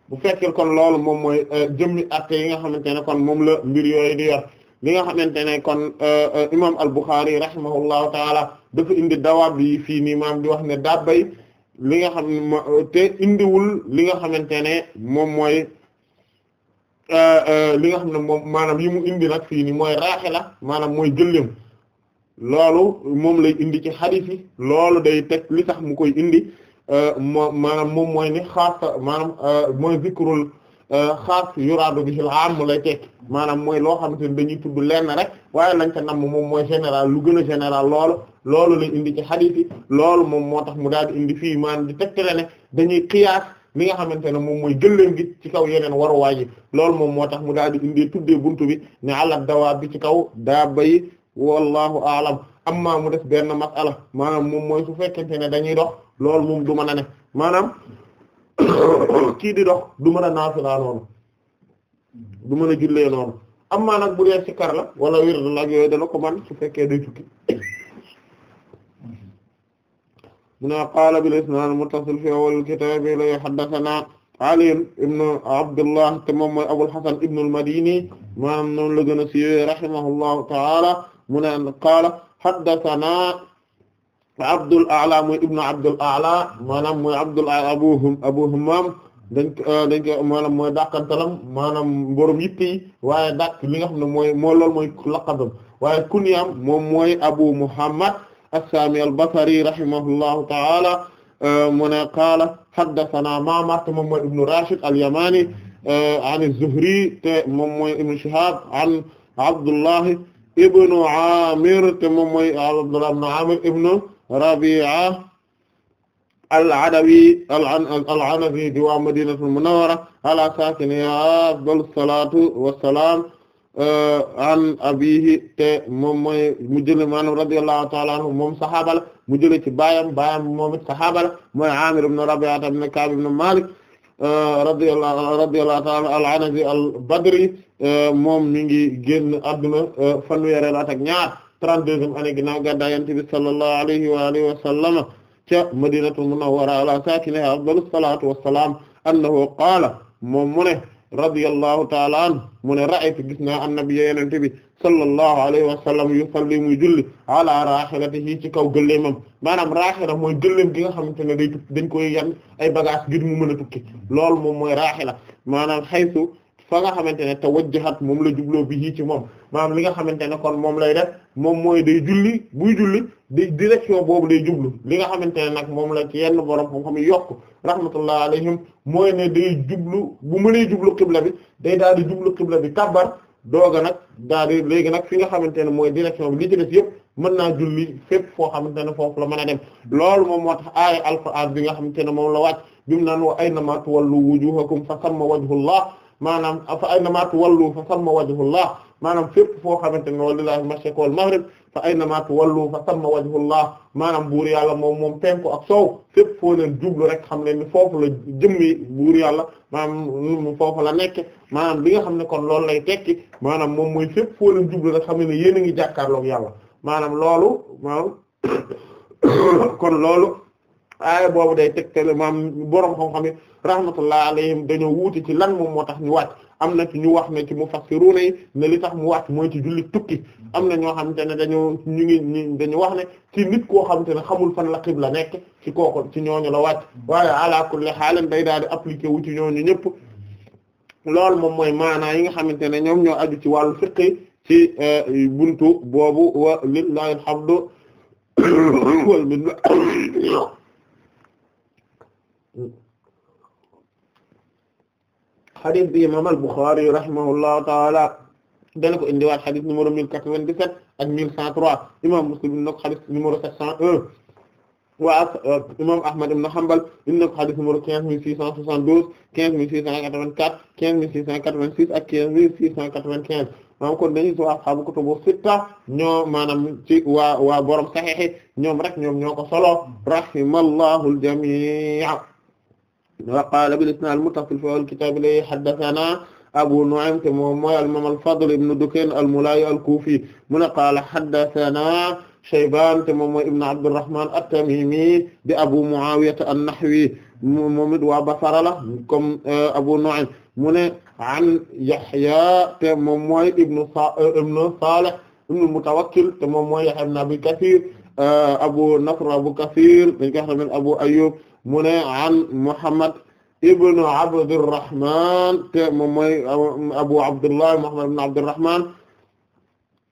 bu fekkeel kon loolu moom mooy euh, jëmmi actes yi nga xamante ne kon moom la mbir yooyu di yor li nga xamante ne kon euh, imaam al-Bukhari rahimahullahu taala dafa indi dawaab yi fii nii maam di wax ne dabbay li nga xam ne te indiwul li nga xamante ne moom mooy. Euh, euh, li nga xam ne moom maanaam yi mu indi nag fii nii mooy raaxila maanaam mooy gëléem loolu moom lay indi ci xadiis yi loolu day teg li tax mu koy indi euh, moom maanaam moom mooy ni xaasa maanaam mooy zikrul xaas yuraadu bihil aam lay teg maanaam mooy loo xamante ne dañuy tudd lenn rek waaye lañ ca namm moom mooy général lu gën a général loolu loolu lay indi ci xadiis yi loolu moom moo tax mu daal di indi fii maan di tegtale ne dañuy qiyaas. li nga xamante ne moom mooy gëléem gi ci kaw yeneen waruwaay yi loolu moom moo tax mu daal di indee tuddee buntu bi ne ala dawaab ci kaw daaba yi wallahu aalam amma mu def benn masala maanaam moom mooy su fekkente ne dañuy dox lool moom du mën a ne maanaam *coughs* kii di dox du mën a naafilaa noonu du mën a jullee noonu amma nag bu dee ci kar la wala wér la ak yooyu dala ko man su fekkee day tukki muna qaala bil isnaad muttasil fi awwal kitaab la haddathana Ali ibn Abdullah te moom mooy Abul Hasan ibn al-Madini maanaam noonu la gën a siiwee rahimahullahu ta'ala mu ne qaala haddathana Abdul A'la mooy ibn Abdul A'la maanaam mooy Abdul A'la abu abu Hammam dañ euh, dañ ko maanaam mooy dàqantalam maanaam borom yitt yi waaye dàq li nga xam ne mooy moo loolu mooy laqabam waaye kunyaam moom mooy Abu Muhammad as-Saami al-Basri rahimahullahu ta'ala euh, mu ne qaala haddathana Ma'mar moom mooy ibnu Rashid al-Yamani euh, an az-Zuhri te moom mooy ibnu Shihab an Abdullah ibnu Amir te moom mooy Abdullah ibnu Amir ibnu Rabi'a al-Adawi al-Anazi di waa Madinatul Munawwara ala saakinihaa afdalu salaatu wa salaam Euh, an abihi te moom mooy mu jële maanaam radiyallahu ta'ala anhu moom sahaaba la mu jële ci baayam baayam moom it sahaaba la mooy Aamir ibn Rabi'a ibn Ka'b ibn Malik euh, radiyallahu radiyallahu ta'ala al-Anazi al-Badri euh, moom mi ngi génn adduna fanweeri at ak ñaar trente-deuxième année ginnaaw gàddaay Yonent bi sallallahu alayhi wa alihi wa sallama ca Madinatul Munawwara ala saakinihaa afdalus salaatu wassalaam annahu qaala moom mu ne radiyallahu taala anhu mu ne ra'aytu gis naa annabiyya yenente bi sallallahu alayhi wa sallam yusalli muy julli ala rahilatihi ci kaw gëlleemam maanaam raxila mooy gëlleem gi nga xamante ne day dañ koy yan ay bagage ngir mu mën a tukki loolu moom mooy raxila maanaam xaytu fa nga xamante ne tawajjahat moom la jubloo bi yii ci moom maanaam li nga xamante ne kon moom lay def moom mooy day julli buy julli di direction boobu day jublu li nga xamante ne nag moom la ci yenn borom moom xam yokk rahmatullah alayhim mooy ne day jublu bu mënee jublu xibla bi day daal di jublu xibla bi kàbbar dooga nag daal léegi nag fi nga xamante ne mooy direction bi li ci des yëpp mën naa julli fépp foo xamante ne foofu la mën a dem loolu moom moo tax aaya alquraan bi nga xamante ne moom la wàcc bi mu naan wa aynama tuwallu wujuhakum fa samma wajhullah maanaam fa aynama tuwallu fa samma wajhullah maanaam fépp foo xamante ne walillahi al-mashriq wal maghrib fa aynama tuwallu fa samma wajhullah maanam buur yàlla moom moom penku ak soow fépp foo leen jublu rek xam leen ni foofu la jëmmi buur yàlla maanaam foofu la nekk maanaam li nga xam ne kon loolu lay tekki maanaam moom mooy fépp foo leen jublu rek xam ne yéen a ngi jàkkaarloog yàlla maanaam loolu *coughs* kon loolu aaya boobu day tegtale maam borom xam-xam yi rahmatullah alayhim dañoo wuute ci lan moom moo tax ñu wàcc am na ci ñu wax ne ci mufassiruna yi ne li tax mu wàcc mooy ci julli tukki am na ñoo xamante ne dañoo ñu ngi dañu wax ne ci nit koo xamante ne xamul fan la xibla nekk ci kooku ci ñooñu la wàcc waaye ala kulli day daal di appliqué wu ci ñooñu ñëpp loolu moom mooy maanaa yi nga xamante ne ñoom ñoo aju ci wàllu fiqh ci eh, buntu boobu wa lillahi alhamdu *coughs* wal minna xadis bi imam al-Bukhari rahimahullahu taala dana ko indiwaat xadis numéro 1097 ak 1103 imam Muslim dina ko xadis numéro 701 waa euh, imam Ahmad ibn Hanbal dina ko xadis numéro 15672 15684 15686 ak 15695 maanaam kon dañuy soo ashaabu kutubu sitta ñoo maanaam ci waa waa borom saxiix ñoom rek ñoom ñoo solo rahimallahu al wa qaala bil isnaad al muttasil fi al kitaab li haddathana Abu Nu'aym te moom mooy al-imaam al-Fadl ibn Dukayn al-Mulaayi al-Kuufi mu ne qaala haddathana Shaybaan te moom mooy ibn Abdurrahmaan at-Tamiimi di Abu Mu'aawiya an-Nahwi moom it waa Basra la comme Abu Nu'aym mu ne an Yahya te moom mooy ibn Saalih ibn Mutawakkil te moom mooy Yahya ibn Abi Kathiir Euh, Abu Nasr Abu Kathir dañ koy wax tamit Abu Ayyub mu ne an Muhammad ibn Abdurrahman te moom mooy Abu Abdullah Muhammad ibn Abdurrahman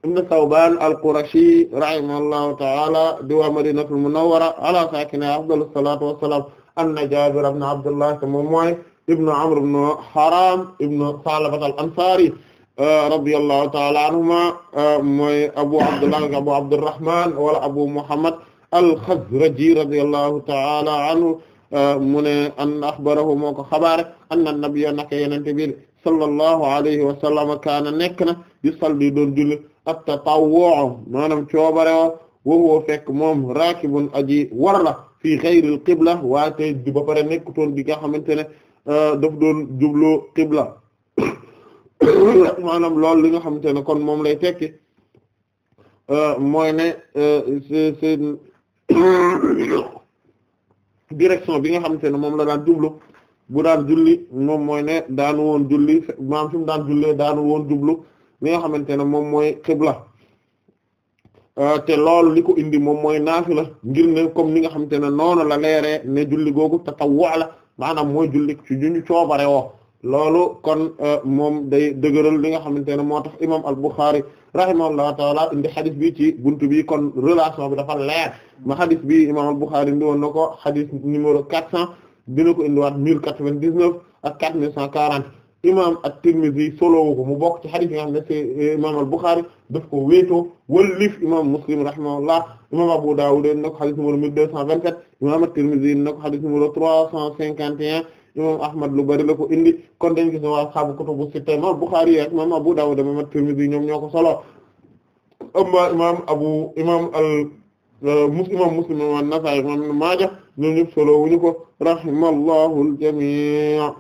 ibn Thawban al-Qurashi rahimahullahu ta'ala di waa Madinatul Munawwara ala saakinihaa afdalu salaatu wa salaam anna Jaabir ibn Abdullah te moom mooy ibn Amr ibn Haram ibn Salaba al-Ansari Euh, radiyallahu ta'ala anhuma euh, mooy abu abdullah abu abdurrahman wala abu muhammad al-khazraji radiyallahu ta'ala anhu euh, mu ne an akhbarahu moo ko xabaare anna nabiyya naka yenente bi sallallahu alayhi wa sallam kaana nekk na yusalli doon julli at-tatawwu maanaam coobare o wa huwa fekk moom raakibun aji war la fii ghayril qibla waate di ba pare nekkutoon di nga xamante ne daf doon jublu qibla *coughs* *coughs* maanaam loolu li nga xamante ne kon moom lay tekki euh, mooy ne euh, c'est *coughs* direction bi nga xamante ne moom la daan jublu bu daan julli moom mooy ne daanu woon julli maam fi mu daan jullee daanu woon jublu li nga xamante ne moom mooy xibla euh, te loolu li ko indi moom mooy naafila ngir ne comme ni nga xamante ne noonu la leeree ne julli googu tatawwa la maanaam mooy julli ci juñu coobare loolu kon euh, moom day dëgëral li nga xamante ne moo tax imam al-Bukhari rahimahullahu taala indi xadis bi ci buntu bi kon relation bi dafa leer ma xadis bi imam al-Bukhari indi woon na ko xadis numéro quatre cent dina ko indiwaat mille quatre-vingt-dix-neuf ak quatre mille cent imam at solowu ko mu bokk ci xadis yi nga xam ne c'est euh, imam ko wéetoo wallif imam Muslim rahimahullah imam Abu Dawud na ko xadis numéro mille deux cent vingt-sept imam at-Tirmidhi na ko xadis numéro trois cent imam Ahmad lu bari la ko indi kon dañ gis ne waa ashaabu kutubu sitta imam Bukhari ak imam Abu Dawud imam Tirmidhi ñoom ñoo ko solo amma imam abu imam al euh, muslim imam Muslim wa Nasaa'i imam Ibn Maaja ñoom ñëpp solo wuñu ko rahimallahu al-jamii'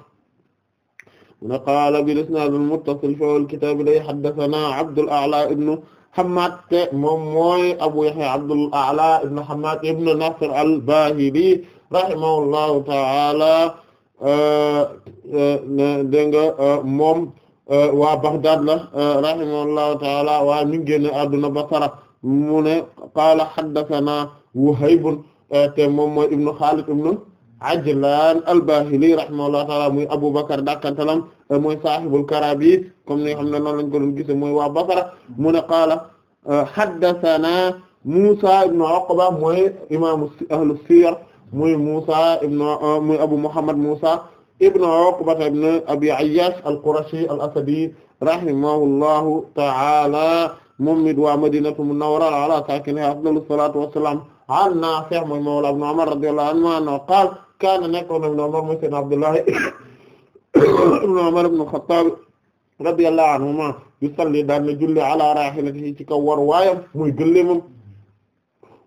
wa qaala bil isnaad al muttasil fi al kitaab li haddathanaa Abdul A'la ibn Hammaad te moom mooy Abu Yahya Abdul A'la ibn Hammaad ibn Nasr al-Baahili rahimahullahu ta'ala Euh, euh, dégg nga euh, moom waa Baghdad la rahimahullahu taala waaye mi ngi génn adduna Basra mu ne qaala haddathana Wuhayb te moom mooy ibnu Khalid ibnu Ajlan al-Bahili rahimahullahu taala muy Abu Bakr dakkantalam mooy saahibul karabi comme ni xam ne noonu lañ ko doon gise mooy waa Basra mu ne qaala haddathana Musa ibnu Uqba mooy imaamu ahlu siyar muy Musa ibn euh, muy Abu Muhammad Musa ibn Uqbata ibn Abi Ayyash al-Qurashi al-Asadi rahimahullahu ta'ala moom mi waa Madinatu Munawwara ala saakinihaa afdalu salaatu wa salaam an Naafi' mooy mawla Ibn Umar radiyallahu anhumaa annahu qaala kaana nekkoon *coughs* Ibn Umar mooy Sayyidina Abdullahi ibn Umar ibn al-Khattaab radiyallahu anhumaa yusalli daan na julli ala raahilatihi ci kaw war waayam muy gëléemam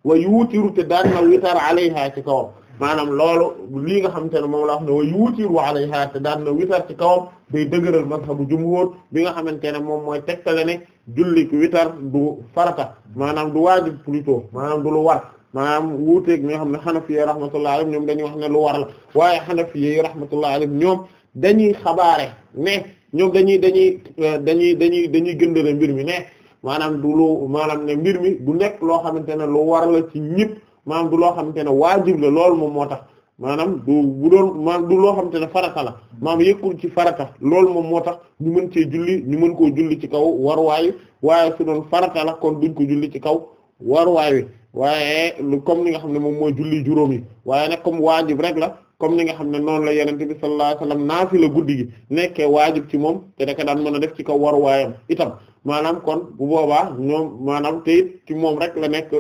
wa yuutiru te daan na witar alayha ci kawam maanaam loolu lii nga xamante ne moom la wax ne wa yuutiru alayha te daan na witar ci kawam day dëgëral mazhabu jumhur bi nga xamante ne moom mooy tegtale ne julli witar du farata maanaam du waajib plutôt maanaam du lu war maanaam wuuteeg ñi nga xam ne xanafiye rahmatullahi alayhim ñoom dañuy wax ne lu war la waaye xanafiye rahmatullahi alayhim ñoom dañuy xabaare ne ñoom dañuy dañuy dañuy dañuy dañuy gëndale mbir mi ne maanaam du lu maanaam ne mbir mi du nekk loo xamante ne loo war la ci ñëpp maanaam du loo xamante ne waajib la lool moom moo tax maanaam du bu doon maanaam du loo xamante ne farata la maanaam yëkkul ci farata loolu moom moo tax ñu cee julli ñu mën koo julli ci kaw waruwaay waaye su doon farata la kon duñ ko julli ci kaw waruwaay wi waaye comme li nga xam ne moom mooy julli juróom yi waaye nag comme waajib rek la comme ni nga xam ne noonu la yenente bi sallallahu alayhi wasallam naafila guddi gi nekkee waajib ci moom te daka daan mën a def ci kaw waruwaayam itam maanaam kon bu boobaa ñoom maanaam te ki moom rek la nekk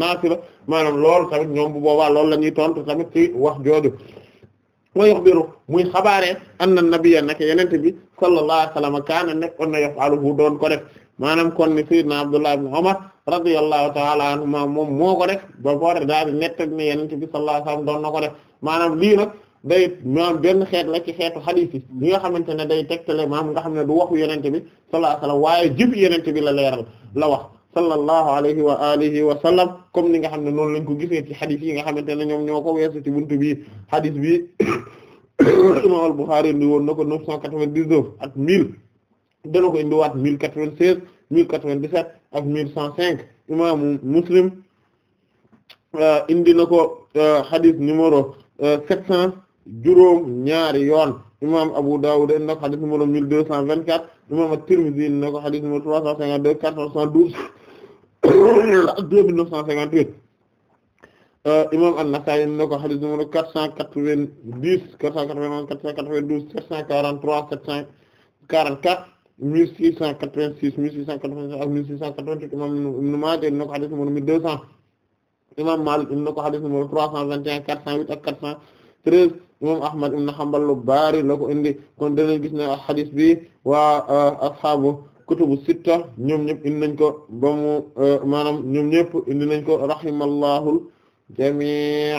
naasi la maanaam loolu tamit ñoom bu boobaa lool la ñuy tontu tamit ci wax jooju mooy yox biru muy xabaare an na nabiyya nag yenente bi sallallahu alayhi wa sallam kaana nekkoon na yaf'aluhu doon ko def maanaam kon ni sayyidna Abdullah ibn Umar radiyallahu ta'ala anhuma moom moo ko def ba boore daal di nett ne yenente bi sallallahu alayhi wa doon na ko def maanaam lii nag day maanaam benn xeet la ci xeetu xadiis yi ñi nga xamante ne day tegtale maam nga xam ne du waxu yenente bi sallallahu waaye jëf yenente bi la leeral la wax sallallahu alayhi wa alihi wa sallam comme ni nga xam ne noonu lañ ko gisee ci xadiis yi nga xamante ne ñoom ñoo ko weesu ci buntu bii xadiis bi *coughs* imam al-Bukhari indi woon na ko 999 ak 1000 dana ko indiwaat 1096 1097 ak 1105 imaamu Muslim euh, indi na ko euh, xadiis numéro euh, juróom ñaari yoon imam Abu Dawud na ko xadis numéro 1224 imam At-Tirmidhi na ko xadis numéro 352 412 2958 imam An-Nasa'i na ko xadis numéro 490 491 492 743 744 1686 1685 1688 imam Ibn Majah na ko xadis numéro 1200 imam Malik na ko xadis numéro 321 408 ak 413 imam ahmad ibn hanbal baari la ko indi kon danañ gis ne hadith bi waa uh, ashabu kutubu sitta ñoom ñëpp indi nañ ko ba mu uh, maanaam ñoom ñëpp indi nañ ko rahimallahu jami'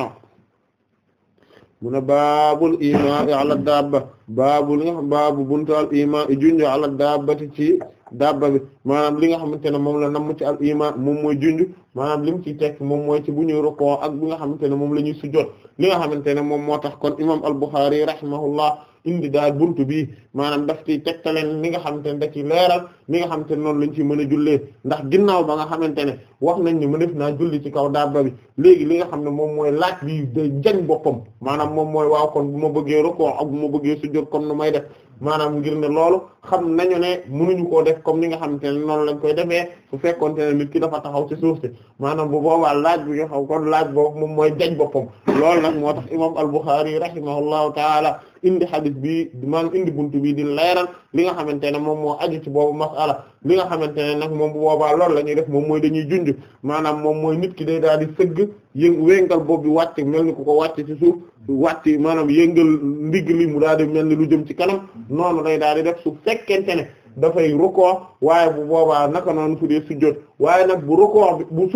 mu ne baabul imaa ala dabba baabu li nga xam baabu buntaal imaa i junjo ala dabbati ci dabba bi maanaam li nga xamante ne moom la namm ci al iman moom mooy junj maanaam li mu ci tekk moom mooy ci bu ñuy rukoo ak bi nga xamante ne moom la ñuy sujjoot li nga xamante ne moom moo tax kon imam al-Bukhari rahimahullah indi daal buntu bi maanaam daf ci tegtaleen li nga xamante ne da ci leeral li nga xamante ne noonu lañ ci mën a jullee ndax ginnaaw ba nga xamante ne wax nañ ni ne mëneef naa julli ci kaw dabba bi léegi li nga xam ne moom mooy laaj bi day jañ boppam maanaam moom mooy waaw kon bu bëggee rukoo ak ma bëggee sujjoot comme nu may def maanaam ngir ne loolu xam nañu ne mënuñu koo def comme ni nga xamante ne noonu lañ koy defee su fekkoonte ne nit ki dafa taxaw ci suuf si maanaam bu boobaa laaj bi nga xam kon laaj boobu moom mooy jañ boppam loolu nag moo tax imam al-Bukhari rahimahullahu taala indi hadith bi maanaam indi buntu bi di leeral li nga xamante ne moom moo aju ci boobu masala li nga xamante ne nag moom bu boobaa loolu la ñuy def moom mooy dañuy junj maanaam moom mooy nit ki day daal di sëgg yëngu wéngal bopp bi wàcc mel ni ku ko wàcc ci suuf wàcc maanaam yëngal ndigg li mu daal di mel ni lu jëm ci kanam noonu lay daal di def su fekkente ne dafay rukoo waaye bu boobaa naka noonu su dee sujjóot waaye nag bu rukoo bi bu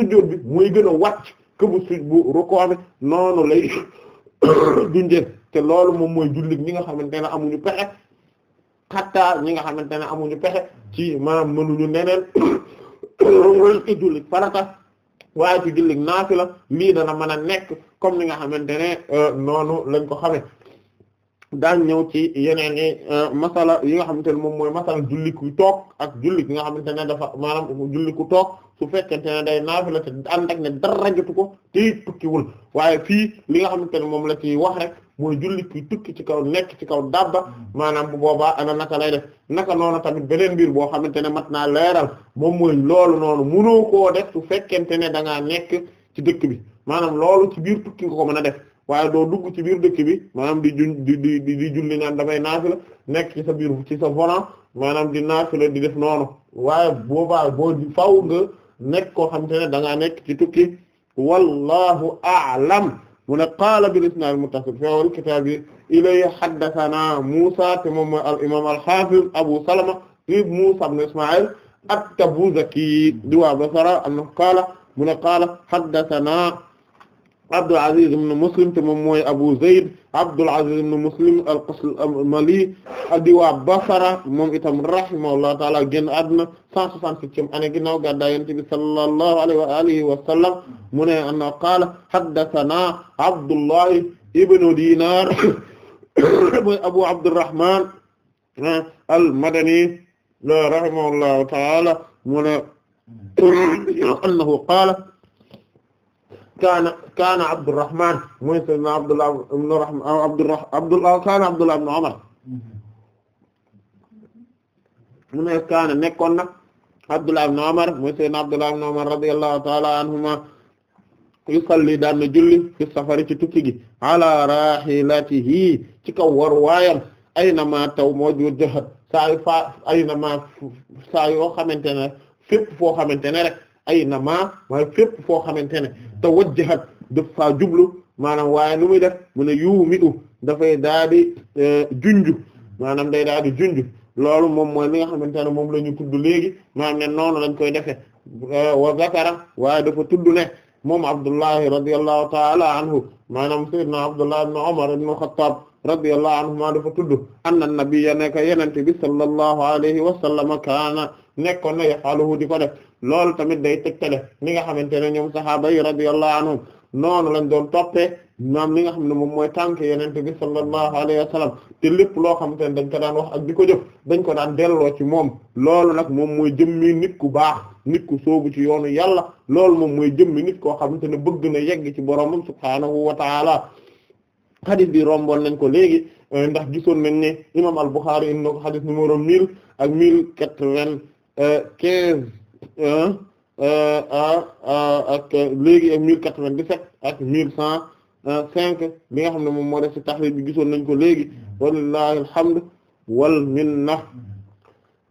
gën a wàcc que bu su bu rukoo bi noonu lay *coughs* dundee te loolu moom mooy jullit ñi nga xam ne amuñu pexe xattaa ñi nga xamante ne amuñu pexe ci maanam mënuñu neneen loolu *coughs* ci *coughs* jullit farata waaye ci jullit naafila lii dana mën a nekk. comme li nga xamante ne euh, noonu lañ ko xamee daan ñëw ci yeneen i euh, masala yi nga xamante ne moom mooy masala jullik ku toog ak julli ki nga xamante ne dafa maanaam julli ku toog su fekkente ne day naafila te ànd ak ne dara jotu ko te tukkiwul waaye fii li nga xamante ne moom la ci wax rek mooy julli kuy tukki ci kaw nekk ci kaw dabba maanaam bu boobaa ana naka lay def naka noonu tamit beneen mbir boo xamante ne mat naa leeral moom mooy loolu noonu mënoo koo def su fekkente ne da nekk ci dëkk bi maanaam loolu ci biir tukki nga ko mën a def waaye doo dugg ci biir dëkk bi maanaam di ju di di di julli naan damay naafila nekk ci sa biir ci sa volant maanaam di naafila di def noono waaye boobaa boo faw nga nekk koo xam danga nekk ci tukki wallahu a'lam mu ne qaala bil isnaad muttasil fi awwal kitaab yi ilay haddathana Musa te moom mooy al imaam al haafiz Abu Salama ibn Musa ibn Isma'il at-Tabuzaki di waa Basra annahu qaala mu ne qaala haddathana Abdul Aziz ibn Muslim te moom mooy Abu Zayd Abdul Aziz ibn Muslim al-Qasmali di waa Basra moom itam rahimahullahu ta'ala génn àdduna 167 ane ginnaaw gàddaay Yonent bi sallallahu alayhi wa alihi wa sallam mu ne anna qaala haddathanaa Abdullah ibn Dinar mooy Abu Abdurrahman al-Madani rahimahullahu ta'ala mu ne annahu qaala kaana kaana Abdurrahman mooy sayyidina Abdullah ibn Abdurrahman Abdullah kaana Abdullah ibn Umar mu ne kaana nekkoon na Abdullah ibn Umar mooy sayyidina Abdullah ibn Umar radiyallahu ta'ala anhuma yusalli daan na julli fi safari ci tukki gi ala rahilatihi ci kaw war waayam aynama taw mawjuud saa yu fa aynama saa yoo xamante ne fépp foo xamante ne rek ay na maa waaye fépp foo xamante ne tawajjahat daf faa jublu maanaam waaye lu muy def mu ne yuumi u dafay daa di eh, junj maanaam day daa di junj loolu moom mooy li nga xamante ne moom la ñu tudd léegi maanaam ne noonu lañ koy defee eh, wa zakara waaye dafa tudd ne moom Abdullahi radiyallahu ta'ala anhu maanaam sayyidna Abdullah ibn Umar ibn Khattab radiyallahu anhuma dafa tudd anna nabiyya nekk yenente bi sallallahu alayhi wa sallam kaana nekkoon na yafaluhu di ko def loolu tamit day tegtale li nga xamante ne ñoom sahaaba yi radiyallahu anhum noonu lañ doon toppee maam li nga xam ne moom mooy tànk yenente bi sallallahu alayhi wa sallam te lépp loo xamante ne dañ ko daan wax ak di ko jëf dañ ko daan delloo ci moom loolu nag moom moy jëmmi nit ku baax nit ku soobu ci yoonu yàlla loolu moom mooy jëmmi nit koo xamante ne bëgg na yegg ci boromam subhaanahu wa taala xadis bi romboon nañ ko léegi eh, ndax gisoon nañ ne imam al-Bukhari in na ko xadis numéro mille ak mille quatre-vingt-quinze ak léegi ak mille quatre-vingt-dix-sept ak mille cent cinq li nga xam ne moom moo def ci taxrij bi gisoon nañ ko léegi walillahi alhamdu wal minna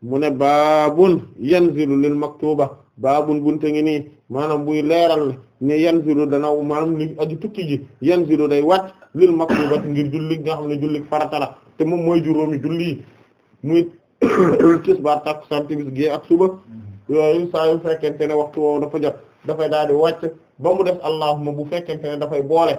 mu ne baabun yanzilu lil maktuba baabun bunte ngi nii maanaam buy leeral ne yanzilu dana maanaam li aji tukki ji yanzilu day wat lil maktuba ngir julli nga xam ne julli farata la te moom mooy juróomi julli muy *coughs* tisbaar takkusaan timis gee ak suba yooyu saa yu fekkente ne waxtu woowu dafa jot dafay daal di wàcc ba mu def allahumma bu fekkee ne dafay boole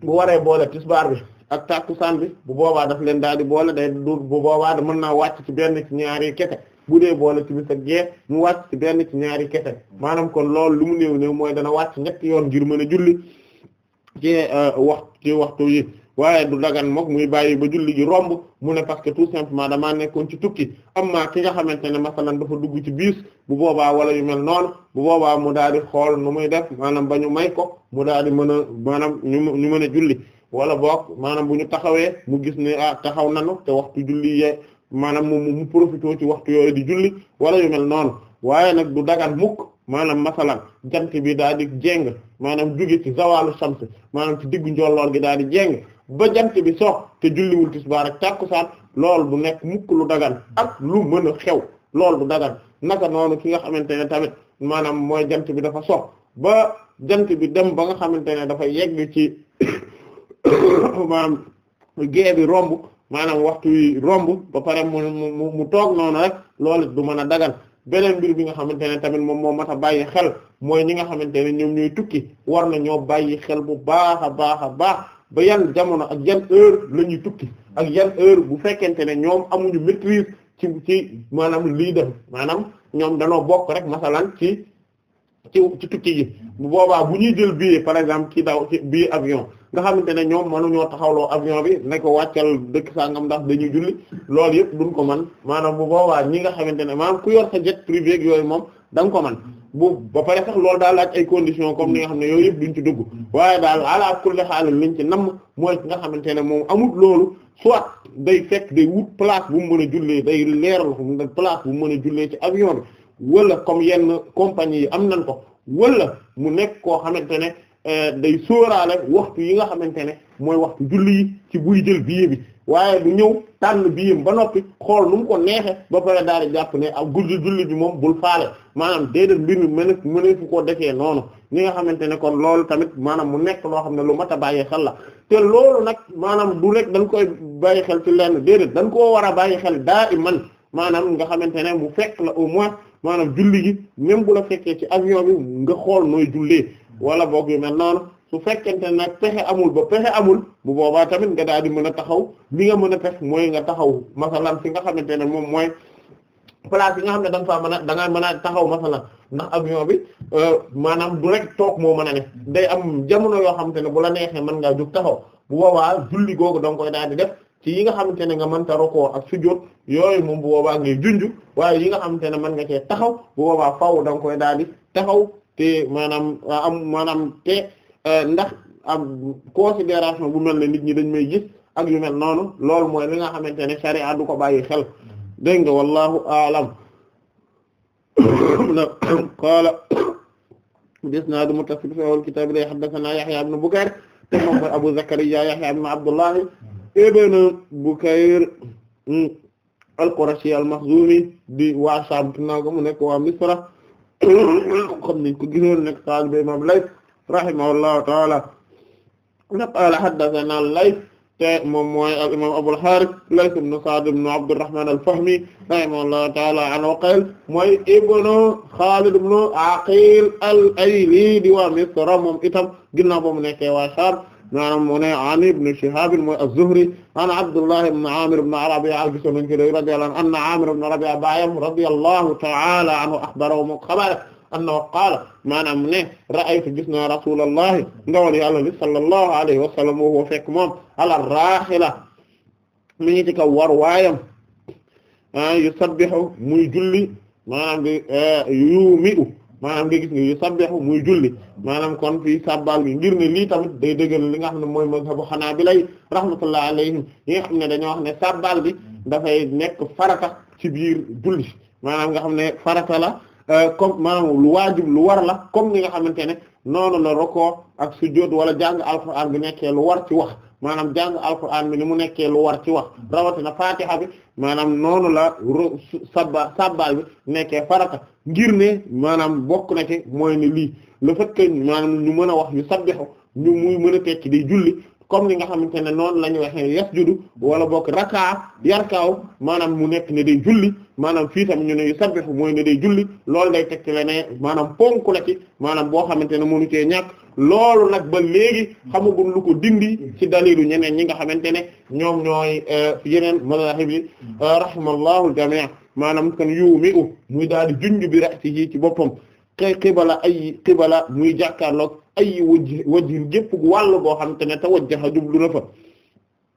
bu waree boole tisbaar bi ak tàkkusaan bi bu boobaa daf leen daal di boole day du bu boobaa da mën naa wàcc ci benn ci ñaari kete bu dee boole ci bis ak gee mu wàcc ci benn ci ñaari kese maanaam kon loolu lu mu néew néew mooy dana wàcc ñetti yoon ngir mën a julli ci euh, wax ci waxtu yi waaye du dagan mook muy bàyyi ba julli gi romb mu ne parce que tout simplement damaa nekkoon ci tukki am amma ki nga xamante ne masalan dafa dugg ci biis bu boobaa wala yu mel noonu bu boobaa mu daal di xool nu muy def maanaam ba ñu may ko mu daal di mën a maanaam ñu ñu mën a julli wala boog maanaam bu ñu taxawee mu gis ne ah taxaw nanu te waxtu julli yee maanaam mu mu profité ci waxtu yooyu di julli wala yu noonu waaye nag du dagan mukk maanaam masalan jant bi daal di jéng maanaam jóge ci zawalu shams maanaam ci diggu njolloor gi daal di jéng ba jant bi sox te julliwul tisbaar tàkku tàkkusaan lool du nekk mukk lu dagan ak lu mën a xew lool du dagan naka noonu ki nga xamante ne tamit maanaam mooy jant bi dafa sox ba jant bi dem ba nga xamante ne dafa yegg ci *coughs* maanaam bi romb maanaam waxtu yi romb ba pare mu mu mu toog noonu rek loolu du mën a dagan beneen mbir bi nga xamante ne tamit moom moo mat a bàyyi xel mooy ñi nga xamante ne ñoom ñooy tukki war na ñoo bàyyi xel bu baax a baax a baax ba yan jamono ak jan heure la ñuy tukki ak yan heure bu fekkente ne ñoom amuñu maîtrise ci ci maanaam lii def maanaam ñoom danoo bokk rek masalan ci ci ci tukki gi bu boobaa bu ñuy jël billet par exemple ci daw ci billet avion nga xamante ne ñoom mënuñoo taxawloo avion bi ne ko wàccal dëkk sangam ndax dañuy julli loolu yëpp duñ ko man maanaam bu boobaa ñi nga xamante ne maanaam ku yor sa jet privé yooyu moom da ko man boobu ba pare sax loolu daal laaj ay condition comme ni nga xam ne yooyu yëpp duñ ci dugg waaye daal ala kulli xaalis liñ ci nam mooy ki nga xamante ne moom amut loolu soit day fekk day wut place bu mën a jullee day leeral place bu mën a jullee ci avion bi wala comme yenn compagnie yi am nañ ko wala mu nekk koo xamante ne euh, day sóoraale waxtu yi nga xamante ne mooy waxtu julli yi ci buy jël billet bi waaye du ñëw tànn biyam ba noppi xool nu mu ko neexee ba pare daal di jàpp ne ak guddi julli bi moom bul faale maanaam déedéet mbir mi mën mëne fu koo defee noonu ñi nga xamante ne kon loolu tamit maanaam mu nekk loo xam ne lu mat a bàyyi xel la te loolu nag maanaam du rek dañ koy bàyyi xel ci lenn déedéet dañ koo war a bàyyi xel daa man maanaam nga xamante ne mu fekk la au moins maanaam julli gi même bu la fekkee ci avion bi nga xool nooy jullee wala boog yu mel noonu su fekkente nag pexe amul ba pexe amul bu boobaa tamit nga daal mën a taxaw li nga mën a def mooy nga taxaw masalan fi nga xamante ne moom mooy place yi nga xam ne da nga faa a da nga mën a taxaw masalan ndax avion bi euh, maanaam du rek toog moo mën a ne day am jamono yoo xamante ne bu la neexee mën ngaa jóg taxaw bu boobaa julli googu da nga koy daal di def ci yi nga xamante ne nga mënta rokoo ak sujjóot yooyu moom bu boobaa ngay junj waaye nga xamante ne mën nga cee taxaw bu boobaa faaw da koy daal di taxaw te maanaam am maanaam te Euh, ndax am considération bu mel ne nit ñi dañ may gis ak yu mel noonu loolu mooy li nga xamante ne sharia du ko bàyyi xel dégg nga wallahu aalam *coughs* qaala bisnaad muttasil fi awwal kitaab la haddathana Yahya ibn Bukayr te moom mooy Abu Zakariya Yahya ibn Abdullah ibn Bukayr hmm, al-Qurashi al-Makhzumi di waa Sham naa ko mu nekk waa Misra *coughs* xam nañ ko gisoon nekk taalibe Imaam Layth rahimahullahu taala qaala haddathana Layth te moom mooy al imaam Abul Harith Layth ibn Sa'd ibn Abdurrahman al-Fahmi rahimahullahu taala an Uqayl mooy ibnu Khalid ibn Aqil al-Ayli di waa Misr moom itam ginnaaw ba mu nekkee waa Sham maanaam mu ne an ibn Shihab mooy az-Zuhri an Abdullah ibn Amir ibn Rabi'a al-Jushani ah radiyallahu anhu anna Amir ibn Rabi'a baayam radiyallahu taala anhu akhbarahu xabaar annahu qaala maanaam ne ra'aytu gis naa rasulallahi ndawal yàlla bi sallallahu alayhi wa sallam wa huwa fekk moom ala raaxila mi ngi ci kaw war waayam ah, yusabbihu muy julli maanaam di eh, yumi'u maanaam nga gis ne yusabbihu muy julli maanaam kon fii sabbal gi ngir ne lii tamit day dëggal li nga xam ne mooy mazhabu xanaabila rahmatullahi alayhim yi nga xam ne dañoo wax ne sabbal bi dafay nekk farata ci biir julli maanaam nga xam ne farata la Euh, comme maanaam lu waajib lu war la comme ni nga xamante ne noonu la roko ak sujjóot wala jàng alquran bi nekkee lu war ci wax maanaam jàng alquran bi ni mu nekkee lu war ci wax rawatina fatiha bi maanaam noonu la sabba sabba bi nekkee farata ngir ne maanaam bokk na ci moy ne lii la fait que ñu mën a wax yu sabbihu ñu muy mën a tekki di julli comme li nga xamante ne noonu la ñu waxee yasjudu wala bokk raka yarkaaw maanaam mu nekk ne day julli maanaam fii tam ñu ne yusabbihu mooy ne day julli loolu day teg ci la ne maanaam ponk la ci maanaam boo xamante ne mënu cee ñàkk loolu nag ba léegi xamagul lu ko dindi ci dalilu ñeneen ñi nga xamante ne ñoom ñooy euh, yeneen mazahib yi euh, rahimallahu jamii maanaam kon yuumi u muy daal di junj bi ra'sihi ci boppam qibala ay qibala muy jàkkaarloog ay wajj wajjin gépp wàll goo xam te ne te wajjaxa jublu na fa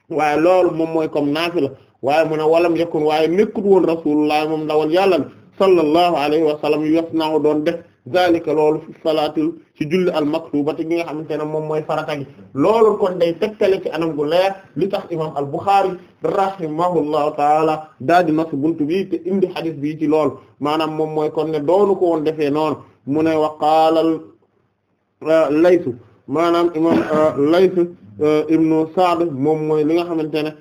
waaye loolu moom mooy comme naafila waaye mu ne walam yakun waaye nekkut woon rasulullah moom ndawal yàlla sallallahu alayhi wa sallam yasna'u doon def zalika loolu fi salaat ci julli al maktubati gi nga xamante ne moom mooy farata gi loolu kon day tegtale ci anam gu leer li tax imam al Bukhari rahimahullahu taala daa di nas buntu bi te indi hadith bi ci lool maanaam moom mooy kon ne doonu ko woon defee noonu wa qaala Euh, laytu maanaam imam euh, laytu euh, ibnu Sa'd moom mooy li nga xamante ne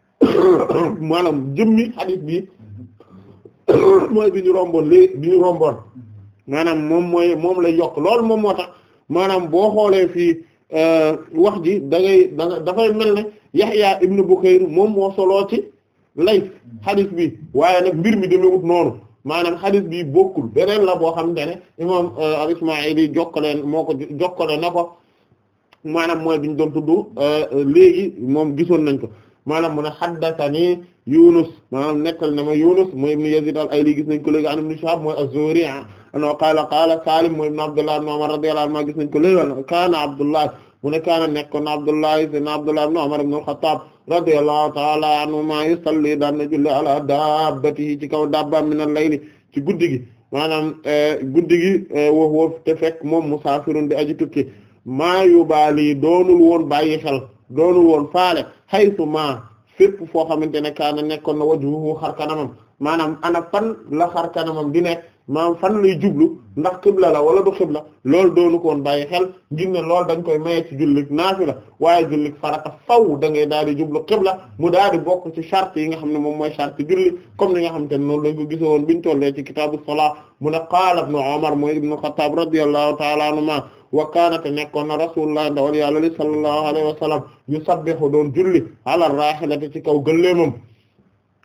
*coughs* maanaam jëmmi hadith bi *coughs* mooy bi ñu romboon léegi bi romboon maanaam moom mooy moom lay yokk loolu moom moo tax maanaam boo xoolee fii wax ji da ngay da dafay mel ne Yahya ibnu Bukayr moom moo soloo ci Layth hadith bi waaye nag mbir mi demewut noonu maanaam xadis bi bokkul beneen la boo xamante ne imam euh, al-Ismaili jokkale moo ko jokkale na ko maanaam mooy biñ doon tudd euh, léegi moom gisoon nañ ko maanaam mu ne haddathani Yunus maanaam nekkal na ma Yunus mooy ibn Yazid al-Ayli gis nañ ko léegi an ibn Shihab mooy az-Zuhri no qaala qaala Salim mooy ibn Abdullah ibn Umar radiyallahu anhu gis nañ ko léegi kana Abdullah mu ne kaana nekkoon Abdullah ibn Abdullah ibn Umar ibn al-Khattab radiyallahu ta'ala anhuma yusalli daan na julli ala dabbatihi ci kaw dabba min al-layli ci guddi gi maanaam eh, guddi gi eh, woof woof te fekk moom musaafirun di aji tukki maa yubaali doonul woon bàyyi xel doonul woon faale haytu ma fépp foo xamante ne kaana nekkoon na wajhuhu xar kanamam maanaam ana fan la xar kanamam di maanaam fan lay jublu ndax xibla la wala du xibla loolu doonu ko woon bàyyi xel ngir ne loolu dañ koy maye ci jullit naafila waaye jullit farata faw da ngay daal di jublu xibla mu daal di bokk ci charte yi nga xam ne moom mooy charte julli comme ni nga xam te ne noonu lañ ko gise woon biñ tollee ci kitaabu salaa mu ne qaala ibnu Umar mooy ibnu Xattaab radiyallahu ta'ala anhuma wa kaanate nekkoon na rasulullah ndawal yàlla li sallallahu alayhi wa sallam yusabbihu doon julli ala raahilati ci kaw gëlleemam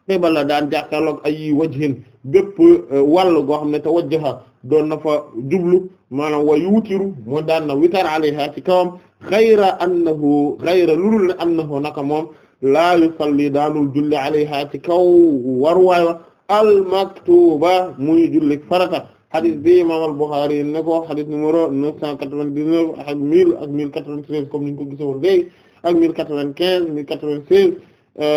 xibla daan jàkkaarloog ay wajhin gépp euh, wàll goo xam ne te wajjaha doon na fa jublu maanaam wa yuutiru moo daan na witar alayha ci kawam xayra annahu xayra lulul ne annahu naka moom laa yusalli daanul julli alayha ci kaw waruwaay wa almaktuba muy julli farata xadis bi imam al-Bukhari ne ko xadis numéro 999 ak 1000 ak 1096 comme niñ ko gisoon léegi ak 1095 1096 E,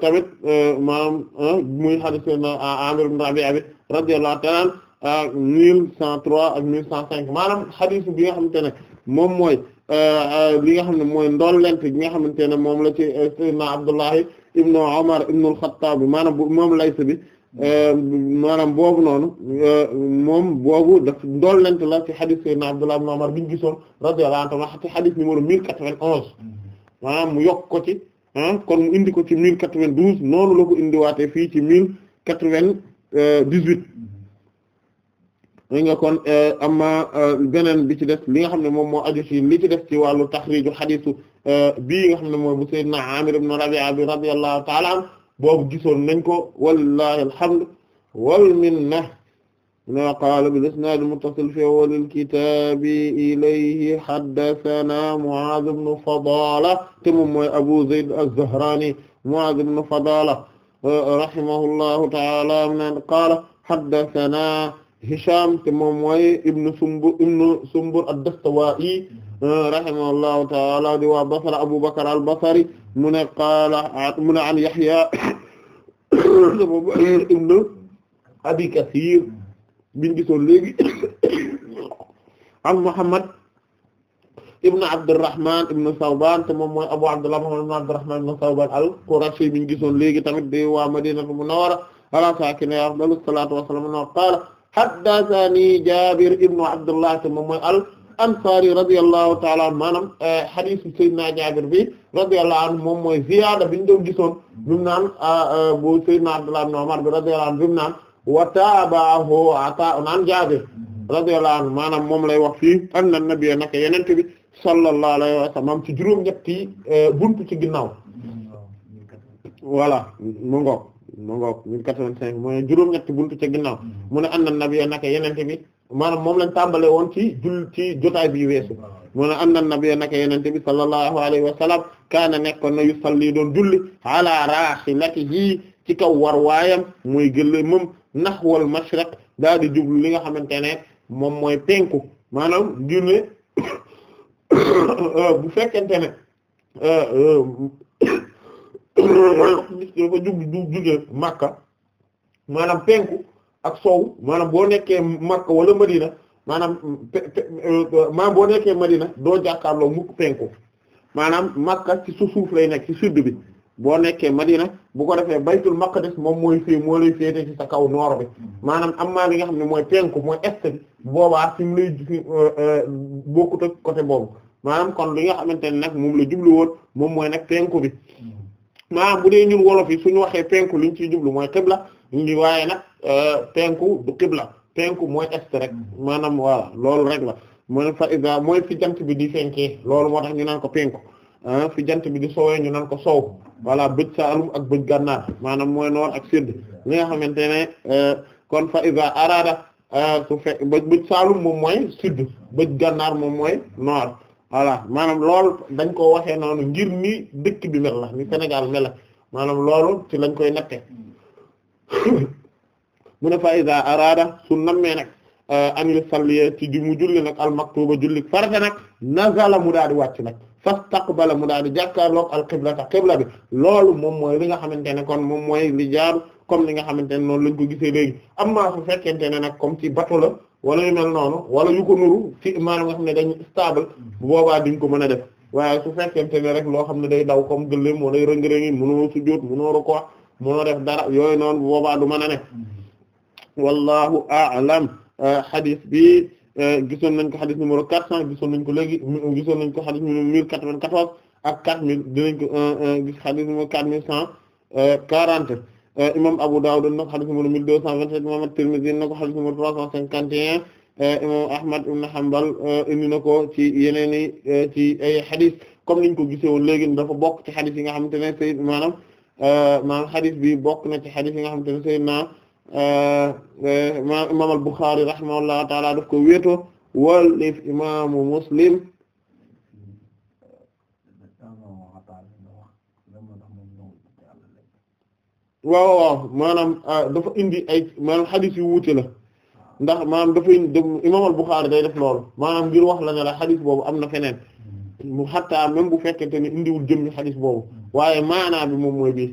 tamit e, maanaam e, muy hadith sayyidina Amir ibn Rabi'a bi radiyallahu ta'ala ak 1103 ak 1105 maanaam hadith bi nga xamante ne moom mooy li nga xam ne mooy ndollent bi nga xamante ne moom la ci sayyidina Abdullahi ibn Umar ibn al-Khattab maanaam moom laysa bi maanaam boobu noonu moom boobu daf ndollent la ci hadith sayyidina Abdullah ibn Umar biñu gisoon radiyallahu anhu ci hadith numéro 1091 mm-hmm. maanaam mu yokk ko ci Ah, kon mu indi ko ci mille quatre-vingt-douze noonu la ko indiwaatee fii ci mille quatre-vingt-dix-huit li nga kon euh, amma euh, beneen bi ci def li nga xam ne moom moo aju ci li ci def ci wàllu taxriiju xadiisu euh, bii nga xam ne mooy bu Seydina Amir ibn Rabi'a bi radiyallahu ta'ala an boobu gisoon nañ ko wallahi alhamdu wal minna na qaala bil isnaad muttasil fi awwalil kitaabi ilayhi haddasanaa Mu'aaz ibn Fadaala te moom mooy Abu Zayd az-Zahraani Mu'aaz ibn Fadaala rahimahullahu ta'aala man qaala haddasanaa Hishaam te moom mooy ibn Sumbur ibn Sumbur ad-Dastawaa'i rahimahullahu ta'aala di waa Basra Abu Bakr al-Basri mu ne qaala mu ne an Yahyaa *coughs* ibn Abi Kasiir biñ gisoon léegi ak Muhammad ibn Abdurrahman ibn Sawban te moom mooy Abu Abdullah Muhammad ibn Abdurrahman ibn Sawban al-Qurashi biñ gisoon léegi tamit de waa Madinatu Munawwara ala saakinihaa afdalu salaatu wa salaam wa qaala haddathanii Jaabir ibn Abdullah te moom mooy al ansari radiyallahu ta'ala anhu maanaam eh, hadiisu Seydina Jaabir bi radiyallahu anhu moom mooy ziyaada biñ doon gisoon bi mu naan ah, eh, bu Seydina Abdullah ibn Umar bi radiyallahu anhu bi mu naan wa taabaahu ataa'un an Jaabir radiyallahu anhu maanaam moom lay wax fii anna nabiyya naka yenente bi sallallahu alayhi wa sallam ci juróom-ñetti e, buntu ci ginnaaw voilà mu ngoog mu ngoog 1085 mooy juróom-ñetti buntu ci ginnaaw mu ne anna nabiyya naka yenente bi maanaam moom lañ tàmbale woon ci jul ci jotaay bi weesu mu ne anna nabiyya naka yenente bi sallallahu alayhi wa kaana nekkoon na yusalli doon julli ala raahilatihi ci kaw war waayam mooy gëléemam naxwal mashriq daal di jublu li nga xamante ne moom mooy penku maanaam ngir *coughs* bu fekkente ne dafa euh, jub *coughs* du juge Makka maanaam penku ak sow maanaam boo nekkee Makka wala Madina maanaam euh, maanaam boo nekkee Madina doo jàkkaarloo mukk penku maanaam Makka ci suuf suuf lay nekk ci sud bi boo nekkee Madina bu ko defee baytul def moom mooy fii moo lay féete ci sa kaw noor bi maanaam amma li nga xam ne mooy penku mooy est bi boobaa fi mu lay euh, euh, bokkut ak boobu maanaam kon li nga xamante ne nag moom la moom mooy nag penku bi maanaam bu dee ñun wolof yi suñu waxee penku liñ ciy jublu mooy xibla ñu waaye nag euh, penku du xibla penku mooy est rek maanaam voilà loolu rek la mooy fa mooy fi jant bi di fenkee loolu moo tax ñu naan ko penku Ah, fi jant bi di sowee ñu nan ko sow voilà bëj saalum ak bëj gànnaar maanaam mooy noor ak sud li nga xamante ne eh, kon fa iza arada eh, su fekk bëj saalum moom mooy sud bëj gànnaar moom mooy noor voilà maanaam lool dañ ko waxee noonu ngir ni dëkk bi mel la ni Sénégal mel la maanaam loolu ci lañ koy natte *laughs* mu ne fa iza arada su nammee nag eh, an yusalli ci di mu julli nag al maktuba julli farata nag nazala mu daal di wàcc nag fastaqbala mu daal di jàkkaarloog al qiblata qibla bi loolu moom mooy li ne kon moom mooy li jaaru comme li nga xamante ne noonu lañ ko gisee léegi amma su fekkente ne nag comme ci bato wala yu noonu wala yu ko nuru ci nga xam ne dañ stable bu boobaa duñ ko mën a def waaye su fekkente ne rek loo xam ne day daw comme gëléem moo day rëng-rëngi mënoo sujjóot mënoo rukkoo mënoo def dara yooyu noonu bu boobaa du mën a ne mm-hmm. wallahu a'lam hadith bi Eh, gisoon nañ ko xadis numéro 400 gisoon nañ ko léegi gisoon nañ ko xadis numéro 1094 ak 4000 dinañ ko eh, eh, gis xadis numéro 4140 imam Abu Dawud na ko xadis numéro 1227 imam At-Tirmidhi na ko xadis numéro 351 imam Ahmad ibn Hanbal indi na ko ci yeneen i ci ay xadis comme niñ ko gisee woon léegi dafa bokk ci xadis yi nga xamante ne Seydina maanaam maanaam xadis bi bokk na ci xadis yi nga xamante ne Seydina Euh, euh, imam al-Bukhari rahimahullahu taala daf ko wéeto wallif imaamu Muslim waaw waaw maanaam euh, dafa indi ay maanaam xadis yu wuute la ndax maanaam dafa indi imam al-Bukhari day def loolu maanaam ngir wax la ne la xadis boobu am na feneen hmm. mu xataa même bu fekkente ne indiwul jëm ñu boobu hmm. waaye maanaa moom mooy bii